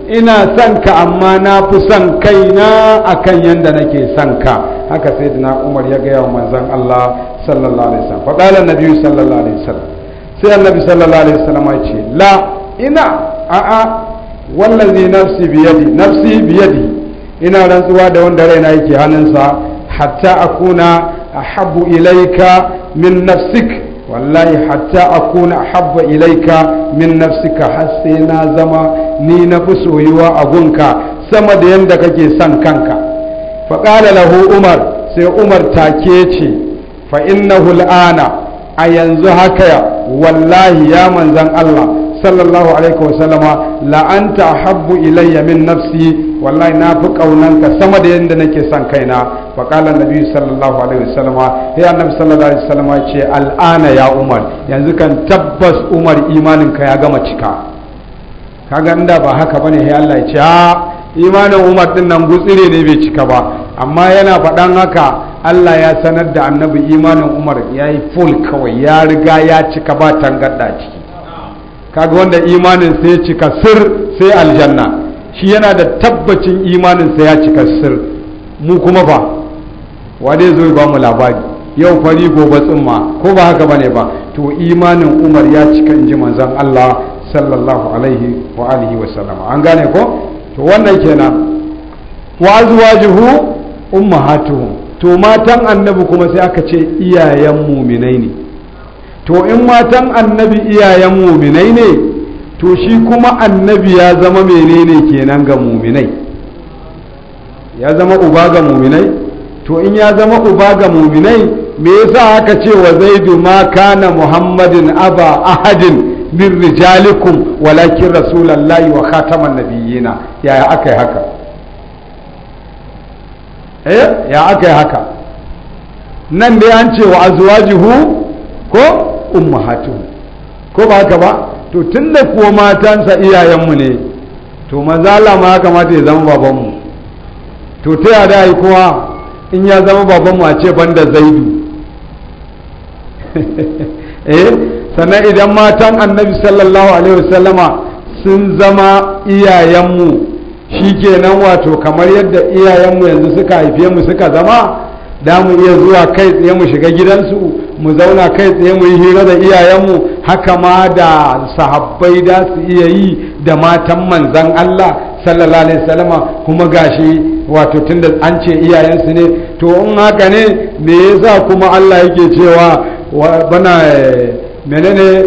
ina son ka amma na fi son kaina akan yadda nake son ka haka sai dina umar ya gaya wa manzan Allah sallallahu alaihi wasallam na biyu sallallahu alaihi wasallam sai annabi sallallahu alaihi wasallam ce la ina a'a wallazi nafsi biyadi nafsi biyadi ina rantsuwa da wanda raina yake hannunsa hatta akuna ahabbu ilaika min nafsik wallahi hatta akuna ahabba ilaika min nafsika har sai na zama ni na fi soyuwa a gunka sama da yadda kake son kanka faƙala lahu umar sai umar take ce fa innahu hul'ana a yanzu haka wallahi ya manzan Allah sallallahu alaihi wasallama la'anta habbu ilayya min nafsi wallahi na fi ƙaunanka sama da yadda nake son kaina فقال النبي صلى الله عليه وسلم هي النبي صلى الله عليه وسلم ce al'ana ya umar yanzu kan tabbas umar imanin ka ya gama cika kaga inda ba haka bane sai Allah ya ce a imanin umar din nan gutsire ne bai cika ba amma yana faɗan haka Allah ya sanar da annabi imanin umar ya yi full kawai ya riga ya cika ba tangarda ciki kaga wanda imanin sai ya cika sir sai aljanna shi yana da tabbacin imanin sai ya cika sir mu kuma ba wane zo ba mu labari yau fari gobe tsumma ko ba haka bane ba to imanin umar ya cika in ji manzan Allah sallallahu alaihi wa alihi wa sallama an gane ko to wannan kenan wa azwajuhu ummahatuhum to matan annabi kuma sai aka ce iyayen muminai ne to in matan annabi iyayen muminai ne to shi kuma annabi ya zama menene kenan ga muminai ya zama uba ga muminai to in ya zama uba ga muminai me yasa aka ce wa zaidu ma kana muhammadin aba ahadin min rijalikum walakin rasulallahi wa khataman nabiyina yaya aka yi haka eh ya aka yi haka nan dai an ce wa azwajihu ko ummahatuhu ko ba haka ba to tunda kuwa matansa iyayenmu ne to mazala ma ya kamata ya zama babanmu to ta yada yi kowa in ya zama babanmu a ce banda zaidu [laughs] eh sannan idan matan annabi sallallahu alaihi wasallama sun zama iyayenmu shi nan wato kamar yadda iyayenmu yanzu suka haife mu suka zama da mu iya zuwa kai tsaye mu shiga gidansu mu zauna kai tsaye mu yi hira da iyayenmu haka ma da sahabbai da su iya yi da matan manzan Allah sallallahu alaihi wasallama kuma gashi wato tunda an ce iyayensu ne to in haka ne me yasa kuma Allah yake cewa bana eh, menene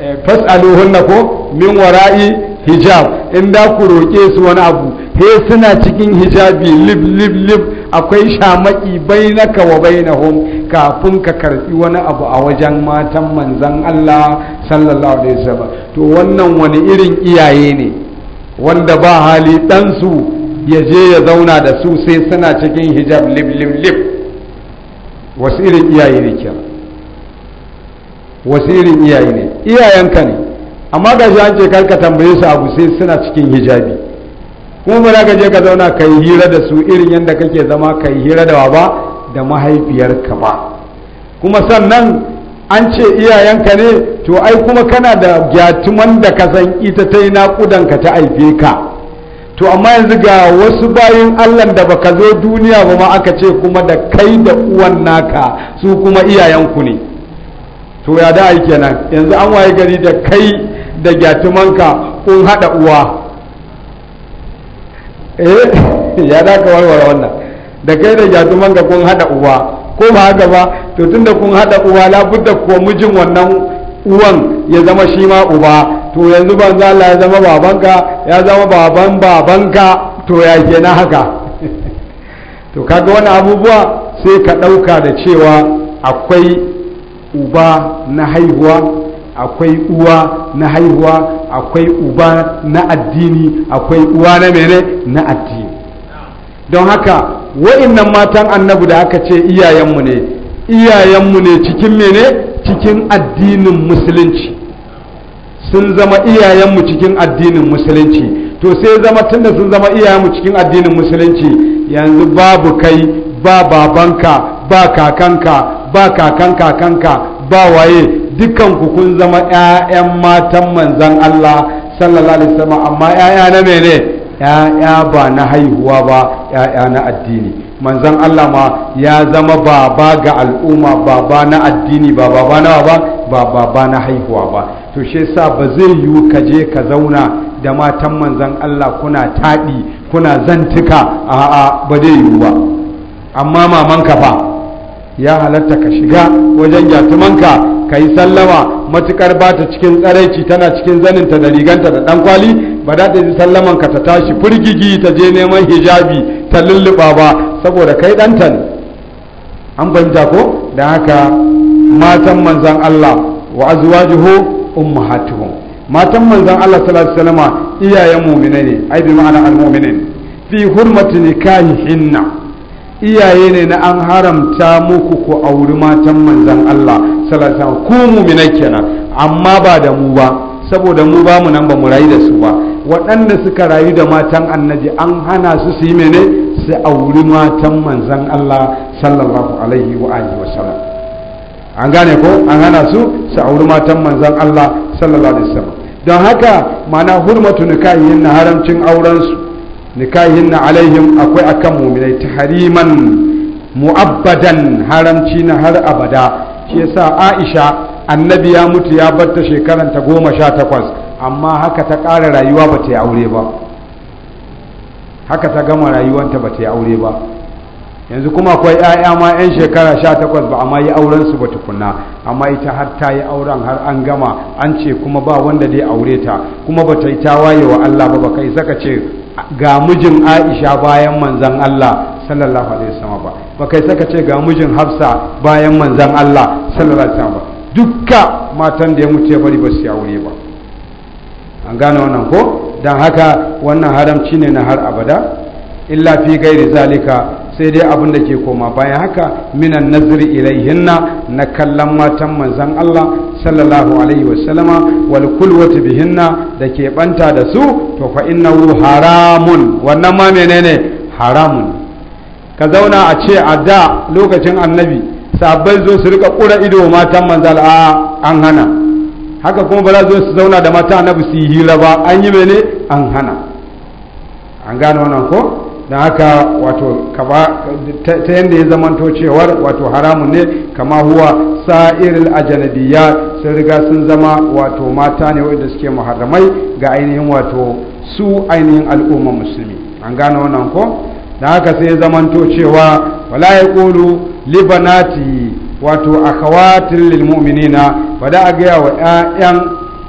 eh, fas'aluhunna ko min wara'i hijab in da ku roƙe su wani abu he suna cikin hijabi lib lib lib akwai shamaki bainaka wa bainahum kafin ka karbi wani abu a wajen matan manzan Allah sallallahu alaihi wasallam to wannan wani irin iyaye ne wanda ba hali ɗansu ya je ya zauna da su sai suna cikin hijab lip lip lip wasu irin iyaye ne kira wasu irin iyaye ne iyayenka ne amma ga shi an ce karka tambaye su abu sai suna cikin hijabi kuma ba ka je ka zauna ka yi hira da su irin yadda kake zama ka yi hira da ba da mahaifiyarka ba kuma sannan an ce iyayenka ne to ai kuma kana da gyatuman da ka san ita ta yi naƙudanka ta haife ka to amma yanzu ga wasu bayin allah da baka zo duniya ba ma aka ce kuma da kai da uwan naka su kuma iyayenku ne to ya da kenan yanzu an waye gari da kai da gyatumanka kun haɗa uwa eh [laughs] ya da ka warware wannan da kai da gyatumanka kun hada uwa ko ba haka ba to tunda kun haɗa uwa labudda kuwa mijin wannan uwan ya zama shi ma uba to yanzu banza Allah ya zama babanka ya zama baban babanka to ya ke haka [laughs] to kaga wani abubuwa sai ka ɗauka da cewa akwai uba na haihuwa akwai uwa na haihuwa akwai uba na addini akwai uwa na mene na addini don haka wa'innan matan annabu da aka ce iyayenmu ne iyayenmu ne cikin mene cikin addinin musulunci sun zama iyayenmu cikin addinin musulunci to sai zama tunda sun zama iyayenmu cikin addinin musulunci yanzu babu kai ba babanka ba kakanka ba kakan kakanka ba waye dukanku kun zama 'ya'yan matan manzan Allah sallallahu alaihi wasallam amma 'ya'ya na mene 'ya'ya ba na haihuwa ba 'ya'ya na addini manzon Allah ma ya zama baba ga al'umma baba na addini ba baba na ba ba baba na haihuwa ba to shi yasa ba zai yiwu ka je ka zauna da matan manzon Allah kuna taɗi kuna zantuka a'a ba zai yiwu ba amma maman ka fa ya halatta ka shiga wajen yatumanka ka yi sallama matukar ba ta cikin tsaraici tana cikin zaninta da riganta da kwali. ba da ta sallaman ka ta tashi firgigi ta je neman hijabi ta lulluɓa ba saboda kai ɗanta ne an fahimta ko da haka matan manzan Allah wa azwajuhu ummahatuhum matan manzan Allah sallallahu alaihi wasallama iyayen mu'mine ne ai bi ma'ana al-mu'minin fi hurmati nikahihinna iyaye ne na an haramta muku ku auri matan manzan Allah sallallahu alaihi wasallam ku mu'minai kenan amma ba da mu ba saboda mu ba mu nan ba mu rayu da su ba waɗanda suka rayu da matan annabi an hana su su yi mene su auri matan manzan Allah sallallahu alaihi wa alihi wa sallam an gane ko an hana su su auri matan manzan Allah sallallahu alaihi wa sallam don haka mana hurmatu nikahin na haramcin auren su nikahin na alaihim akwai akan mu'minai tahriman mu'abbadan haramci na har abada shi yasa Aisha annabi ya mutu ya batta shekaran ta goma sha takwas amma haka ta ƙara rayuwa ba ta yi aure ba haka ta gama rayuwanta ba ta yi aure ba yanzu kuma akwai 'ya'ya ma 'yan shekara sha takwas ba amma yi auren su ba tukuna amma ita har ta yi auren har an gama an ce kuma ba wanda dai aure ta kuma ba ta yi waye wa Allah ba ba kai saka ce ga mijin Aisha bayan manzan Allah sallallahu alaihi wasallam ba ba kai saka ce ga mijin Hafsa bayan manzan Allah sallallahu alaihi wasallam ba dukka matan da ya mutu ya bari ba su aure ba an gane wannan ko don haka wannan haramci ne na har abada illa fi gairi zalika sai dai abin da ke koma bayan haka minan nazari ilaihinna na kallon matan manzan Allah sallallahu alaihi wasallama wal kulwatu bihinna da ke banta da su to fa innahu haramun wannan ma menene haramun ka zauna a ce a da lokacin annabi sabai zo su rika kura ido matan manzal a an hana haka kuma ba za zo su zauna da mata annabi su yi hira ba an yi mene an hana an gane wannan ko don haka wato kaba ta yadda ya zamanto cewar wato haramun ne kama huwa sa'iril ajnabiyya sun riga sun zama wato mata ne wadda suke muharramai ga ainihin wato su ainihin al'umma musulmi an gane wannan ko da haka sai ya zamanto cewa wala ya ƙulu libanati wato a kawatin lilmuminina ba da a gaya wa 'ya'yan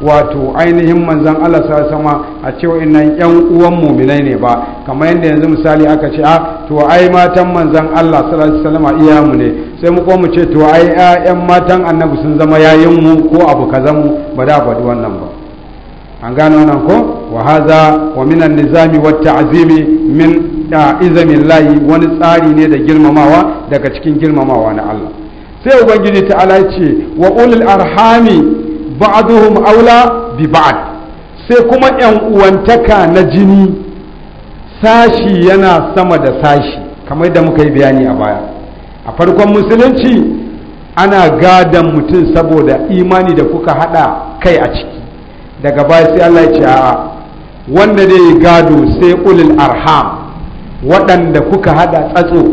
wato ainihin manzan Allah sa sama a cewa innan yan uwan muminai ne ba kamar yadda yanzu misali aka ce a ah, to ai matan manzan Allah sallallahu alaihi wasallam iya ne sai mu mu ce to ai yayan matan annabi sun zama yayin mu ko abu kazan mu ba da faɗi wannan ba an gano wannan ko wa haza wa minan nizami wat ta'zimi min izamin layi wani tsari ne da girmamawa daga cikin girmamawa na Allah sai ubangiji ta'ala ce wa ulul arhami ba'duhum aula bi ba'ad sai kuma yan uwantaka na jini sashi yana sama da sashi kamar da muka yi bayani a baya a farkon musulunci ana gadan mutum saboda imani da kuka hada kai a ciki daga baya sai Allah ya ce a'a wanda dai gado sai ulul arham waɗanda kuka haɗa tsatso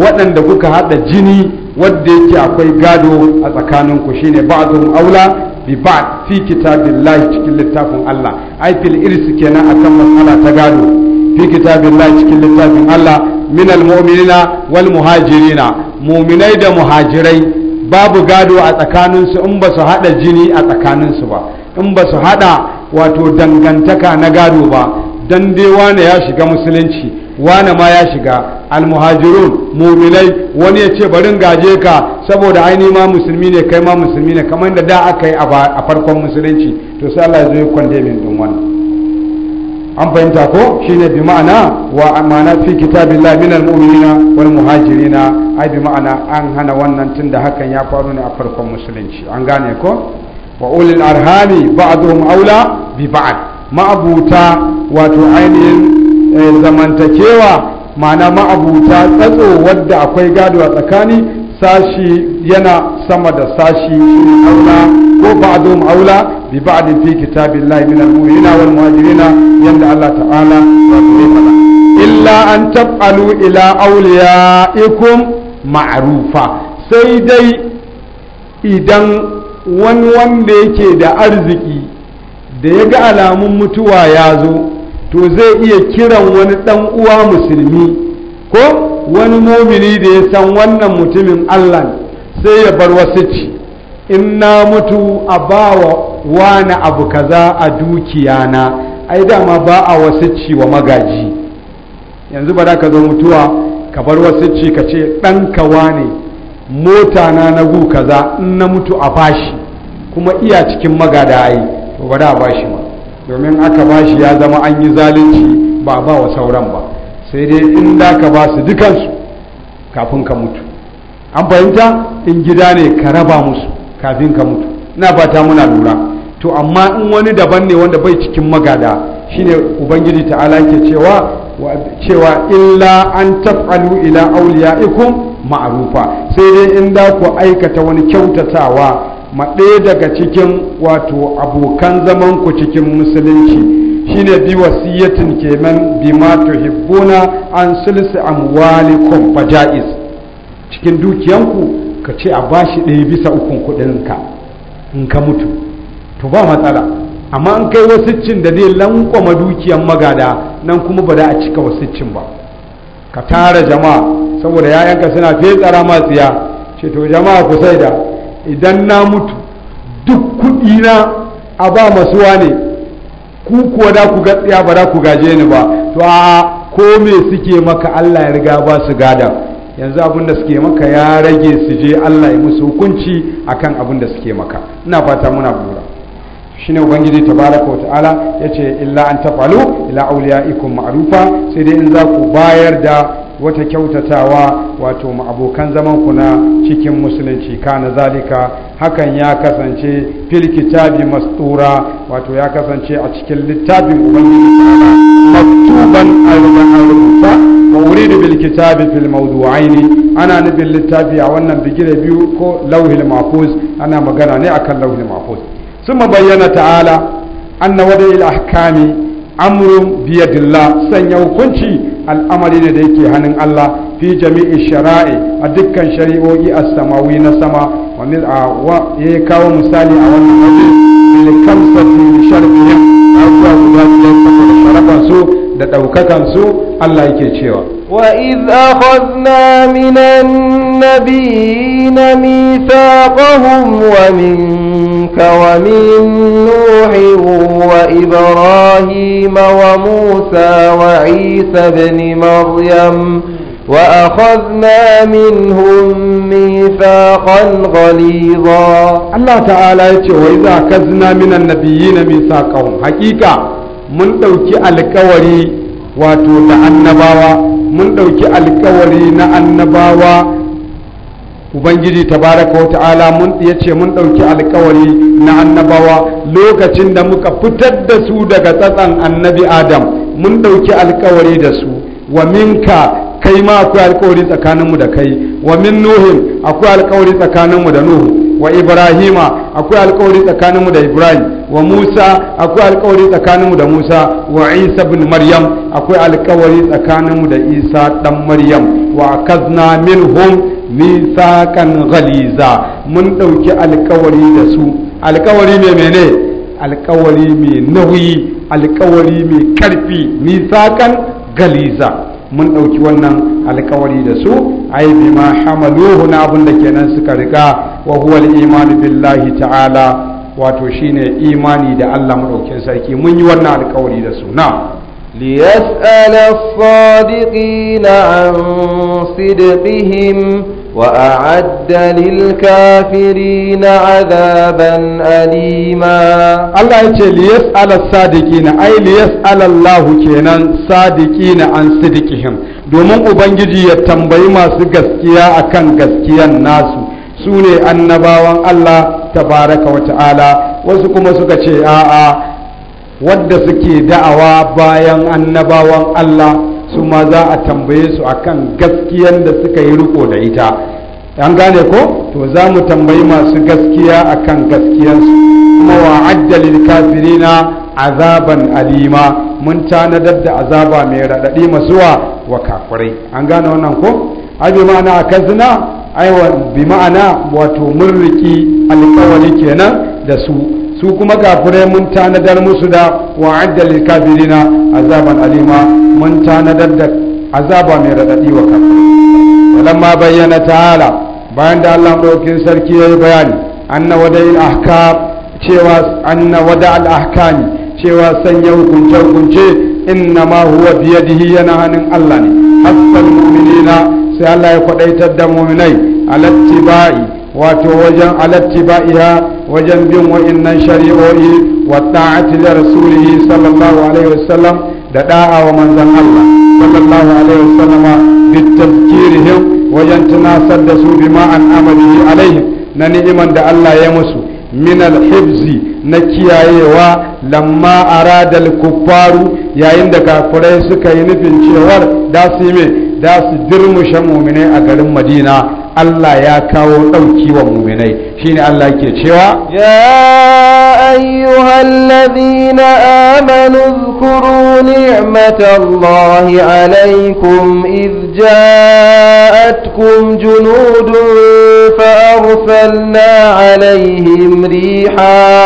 waɗanda kuka haɗa jini wadda yake akwai gado a tsakaninku shine ba'dhum aula bi ba'd fi kitabillahi cikin littafin Allah ai fil irs kenan akan mas'ala ta gado fi kitabillahi cikin littafin Allah min almu'minina wal muhajirina mu'minai da muhajirai babu gado a tsakaninsu in ba su haɗa jini a tsakaninsu ba in ba su haɗa wato dangantaka na gado ba dan dai wane ya shiga musulunci wane ma ya shiga almuhajirun muminai wani ya ce barin gaje ka saboda aini ma musulmi ne kai ma musulmi ne kamar da da aka yi a farkon musulunci to sai Allah ya zo min dun wannan an fahimta ko shine bi ma'ana wa amana fi kitabillahi minal mu'minina wal muhajirina ai bi ma'ana an hana wannan tunda hakan ya faru ne a farkon musulunci an gane ko wa ulil arhami ba'dhum aula bi ba'd ma'abuta wato ainihin Eh, zamantakewa ma'ana ma'abuta tsatso wadda akwai gado a tsakani sashi yana sama da sashi aula ko ba'dhum aula bi ba'din fi kitabillahi min al-mu'minina wal muhajirina yanda Allah ta'ala ya fada illa an taf'alu ila awliyaikum ma'rufa sai dai idan wani wanda yake da arziki da ya ga alamun mutuwa ya zo to zai iya kiran wani ɗan uwa musulmi ko wani mumini da ya san wannan mutumin allah sai ya bar wasu ci in na mutu a bawa wani abu kaza a dukiyana ai dama ba a wasu ci wa magaji yanzu ba ka zo mutuwa ka bar wasu ci ka ce ɗan kawa ne mota na na gu kaza in na mutu a bashi kuma iya cikin magada ai to ba da bashi ba. domin aka ba shi ya zama an yi zalunci ba ba wa sauran ba sai dai in da ka ba su dukansu kafin ka mutu an fahimta in gida ne ka raba musu kafin ka mutu na fata muna lura to amma in wani daban ne wanda bai cikin magada shine ubangiji ta'ala ke cewa cewa illa an taf'alu ila awliyaikum ma'rufa sai dai in da ku aikata wani kyautatawa maɗe daga cikin wato abokan zaman ku cikin musulunci shine bi wasiyatin kenan bima tuhibbuna an sulsi amwalikum fajaiz cikin dukiyanku ka ce a bashi ɗaya bisa ukun kuɗinka in ka mutu to ba matsala amma an kai wasiccin da zai lankwama dukiyan magada nan kuma ba za a cika wasiccin ba ka tara jama'a saboda 'ya'yanka suna fetsara matsiya ce to jama'a ku sai da idan na mutu duk kuɗina a ba masuwa ne ku kuwa da ku gatsiya ba da ku gaje ni ba to a ko me suke maka Allah ya riga ba su gada yanzu abin da suke maka ya rage su je Allah ya musu hukunci akan abin da suke maka ina fata muna lura shine ubangiji tabaraka wa ta'ala yace illa an tafalu ila awliyaikum ma'arufa sai dai in za ku bayar da wata kyautatawa wato ma abokan zaman ku na cikin musulunci kana zalika hakan ya kasance fil kitabi mastura wato ya kasance a cikin littafin ubangiji ta'ala maktuban a rubuta wa uridu bil kitabi fil mawdu'aini ana nufin littafi a wannan bigire biyu ko lauhil mahfuz ana magana ne akan lauhil mahfuz ثم بين تعالى أن وضع الأحكام amrun biyadilla sanya hukunci al'amari ne da yake hannun Allah fi jami'i shara'i a dukkan shari'o'i a samawi na sama wani ya kawo misali a wannan wajen bil fi shar'iyyan abubuwa guda biyar saboda su. da su Allah yake cewa. Wa iz akhadna minan nabiyyin mithaqahum wa minka wa min nuhin wa ibrahim wa musa wa isa ibn maryam wa akhadna minhum mithaqan ghalidha Allah ta'ala yace wa iz akhadna minan nabiyyin mithaqahum haqiqa mun ɗauki alkawari wato da annabawa mun ɗauki alkawari na annabawa ubangiji tabaraka wa ta'ala mun ya mun ɗauki alkawari na annabawa lokacin da muka fitar da su daga tsatsan annabi adam mun ɗauki alkawari da su wa minka kai ma akwai alkawari tsakaninmu da kai wa min nuhin akwai alkawari tsakaninmu da nuhu wa ibrahima akwai alkawari tsakaninmu da ibrahim wa musa akwai alkawari tsakaninmu da musa wa isa bin maryam akwai alkawari tsakaninmu da isa ɗan maryam wa kazna minhum misaqan ghaliza mun ɗauki alkawari da su alkawari mai mene alƙawari mai nauyi alƙawari mai ƙarfi misaqan galiza mun ɗauki wannan alkawari da su ai ma hamaluhu na abin da kenan suka riga wa huwa imanu billahi ta'ala wato shine imani da Allah maɗaukin sarki mun yi wannan alkawari da su na ليسأل الصادقين عن صدقهم وأعد للكافرين عذابا أليما الله يتي ليسأل الصادقين أي ليسأل الله كينان صادقين عن صدقهم domin ubangiji ya tambayi masu gaskiya akan gaskiyan nasu su ne annabawan Allah tabaraka wa ta'ala wasu kuma suka ce a'a wadda suke da'awa bayan annabawan Allah su ma za a tambaye su akan gaskiyar da suka yi riko da ita an gane ko to za mu tambayi masu gaskiya akan gaskiyarsu kuma wa addalil kafirina azaban alima mun tanadar da azaba mai raɗaɗi masu wa kafirai an gane wannan ko ai ma'ana a kazina bi ma'ana wato murriki alkawari kenan da su su kuma kafirai mun tanadar musu da wa'adda lil kafirina azaban alima mun tanadar da azaba mai raɗaɗi wa kafirai walamma bayyana ta'ala bayan da Allah daukin sarki ya yi bayani anna wada'il ahkam cewa cewa sanya hukunce hukunce inna ma huwa biyadihi yana hannun Allah ne hasal mu'minina sai Allah ya kwadaitar da mu'minai alattibai wato wajen alattiba'iha wajen bin wa'innan shari'o'i wa ta'ati da rasulihi sallallahu alaihi wasallam da da'a wa manzon Allah sallallahu alaihi wasallama bitazkirihim wajen tunasar da su bima an amalihi alaihi na ni'iman da Allah ya musu min hibzi na kiyayewa lamma aradal kuffaru yayin da kafirai suka yi nufin cewar da su yi da su dirmushe muminai a garin madina Allah ya kawo ɗauki wa muminai shine Allah ke cewa ya ayyuhallazina amanu اذكروا نعمة الله عليكم إذ جاءتكم جنود فأرسلنا عليهم ريحا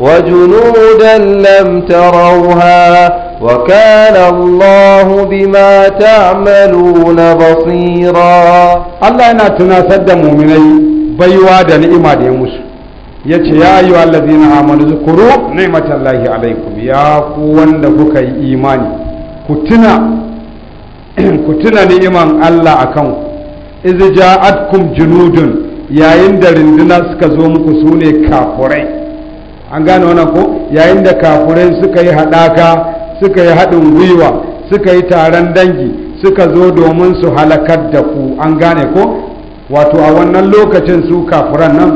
وجنودا لم تروها وكان الله بما تعملون بصيرا الله yana tunatar da muminai baiwa da ni'ima da ya musu yace ya ayu allazina amanu zkuru ni'matallahi alaikum ya ku wanda kuka yi imani ku tuna ni'iman Allah akan ku iz ja'atkum junudun yayin da rinduna suka zo muku sune kafurai an gane wannan ko yayin da kafurai suka yi haɗaka. suka yi haɗin gwiwa suka yi taron dangi suka zo domin su halakar da ku an gane ko wato a wannan lokacin su kafuran nan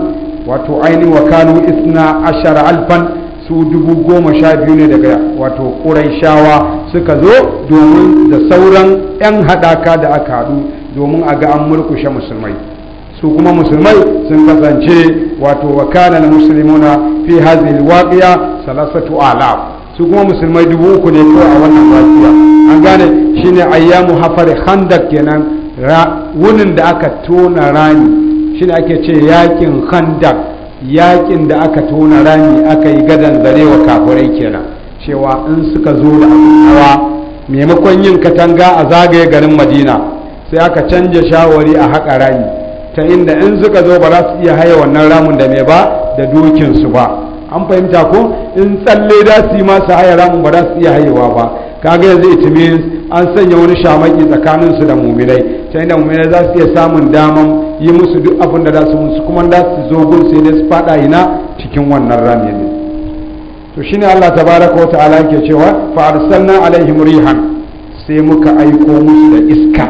wato aini wa kanu isna ashara alfan su dubu goma sha biyu ne daga wato shawa suka zo domin da sauran 'yan haɗaka da aka haɗu domin a ga an murkushe musulmai su kuma musulmai sun kasance wato wa kanan musulmuna fi hadhihi al salasatu alaf su kuma musulmai dubu uku ne kawai a wannan bakiya an gane shine ayyamu hafari handak kenan wunin da aka tona rami shine ake ce yakin handak yakin da aka tona rami aka yi gadan zarewa kafirai kenan cewa in suka zo da hawa maimakon yin katanga a zagaye garin madina sai aka canja shawari a haƙa rami ta inda in suka zo ba za su iya haye wannan ramin da mai ba da su ba an fahimta ko in tsalle da su yi masu haya ramun ba za su iya hayewa ba kaga yanzu itimis an sanya wani shamaki tsakanin su da muminai ta inda muminai za su iya samun daman yi musu duk abin da za su musu kuma za su zo gun sai dai su fada ina cikin wannan rami ne to shine Allah tabaraka wa ta'ala ke cewa fa arsalna alaihim rihan sai muka aiko musu da iska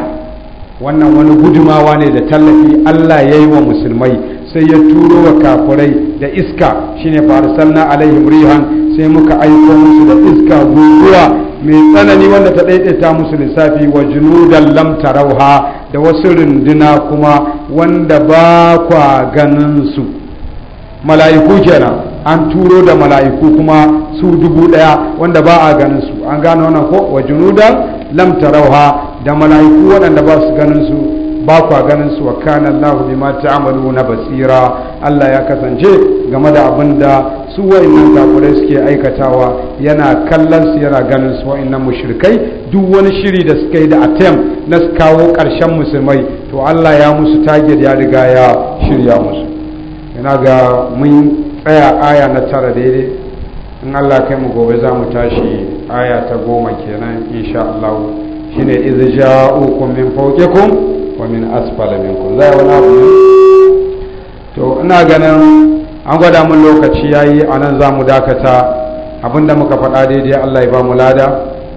wannan wani gudumawa ne da tallafi Allah yayi wa musulmai sai ya turo wa kafirai da iska shine farsalna alaihim rihan sai muka aiko musu da iska guguwa mai tsanani wanda ta daidaita musu lissafi wa junudan lam tarauha da wasu runduna kuma wanda ba kwa ganin su mala'iku kenan an turo da mala'iku kuma su dubu daya wanda ba a ganin su an gane wannan ko wa junudan lam tarauha da mala'iku waɗanda ba su ganin su ba kwa ganin su wa kana Allahu ta'amalu na basira Allah ya kasance game da abinda su wa'annan kafirai suke aikatawa yana kallon su yana ganin su wa'annan mushrikai duk wani shiri da suka yi da attempt na su kawo karshen musulmai to Allah ya musu target ya riga ya shirya musu yana ga mun tsaya aya na tara daidai in Allah kai mu gobe za mu tashi aya ta goma kenan insha Allah shine iz ja'ukum min fawqikum wa min asfala minkum za wani abu ne to ina ganin an gwada mun lokaci yayi a nan za mu dakata abinda muka faɗa daidai Allah ya ba mu lada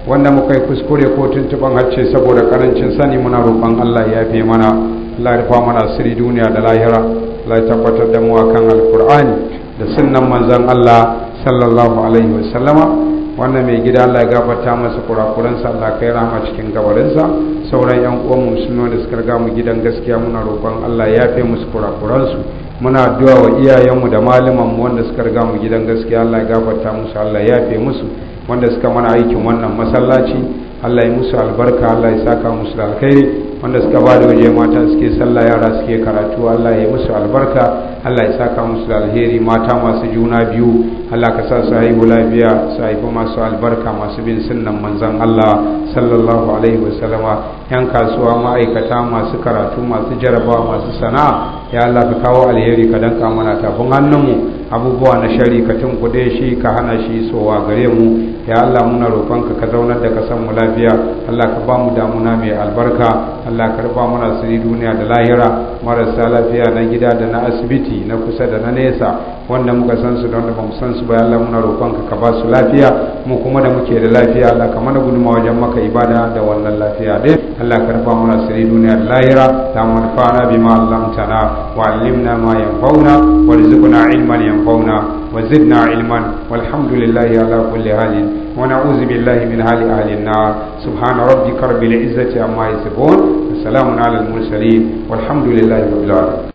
wanda muka yi kuskure ko tuntuban harce saboda karancin sani muna roƙon Allah ya fi mana Allah ya rufa mana siri duniya da lahira Allah ya tabbatar da mu akan alkur'ani da sunnan manzon Allah sallallahu alaihi wasallama wannan mai gida Allah ya gafarta masa kurakuransa Allah kai rahama cikin gabarinsa sauran yan uwan musulmi da suka ga mu gidan gaskiya muna roƙon Allah ya yafe musu kurakuransu muna addu'a wa iyayenmu da malaman mu wanda suka ga mu gidan gaskiya Allah ya gafarta musu Allah ya yafe musu wanda suka mana aikin wannan masallaci Allah ya musu albarka Allah ya saka musu da alkhairi wanda suka ba da waje mata suke sallah yara suke karatu Allah ya musu albarka Allah ya saka musu da alheri mata masu juna biyu Allah ka sa su haihu lafiya su haifi masu albarka masu bin sunnan manzon Allah sallallahu alaihi wa sallama yan kasuwa ma'aikata masu karatu masu jaraba masu sana'a ya Allah ka kawo alheri ka danka mana tafin hannunmu abubuwa na shari ka tunkuɗe shi ka hana shi sowa gare mu ya Allah muna roƙonka ka zaunar da ka san mu lafiya Allah ka ba mu damuna mai albarka Allah karba mana siri duniya da lahira marasa lafiya na gida da na asibiti na kusa da na nesa wanda muka san su don da ba mu san su ba Allah muna roƙonka ka ba su lafiya mu kuma da muke da lafiya Allah ka mana gudunmawa wajen maka ibada da wannan lafiya dai Allah karba mana siri duniya da lahira ta manfa'ana ma allamtana wa 'allimna ma yanfa'una warzuqna ilman yanfa'una wa zidna ilman walhamdulillahi ala kulli halin ونعوذ بالله من حال أهل النار سبحان ربك رب العزة عما يصفون وسلام على المرسلين والحمد لله رب العالمين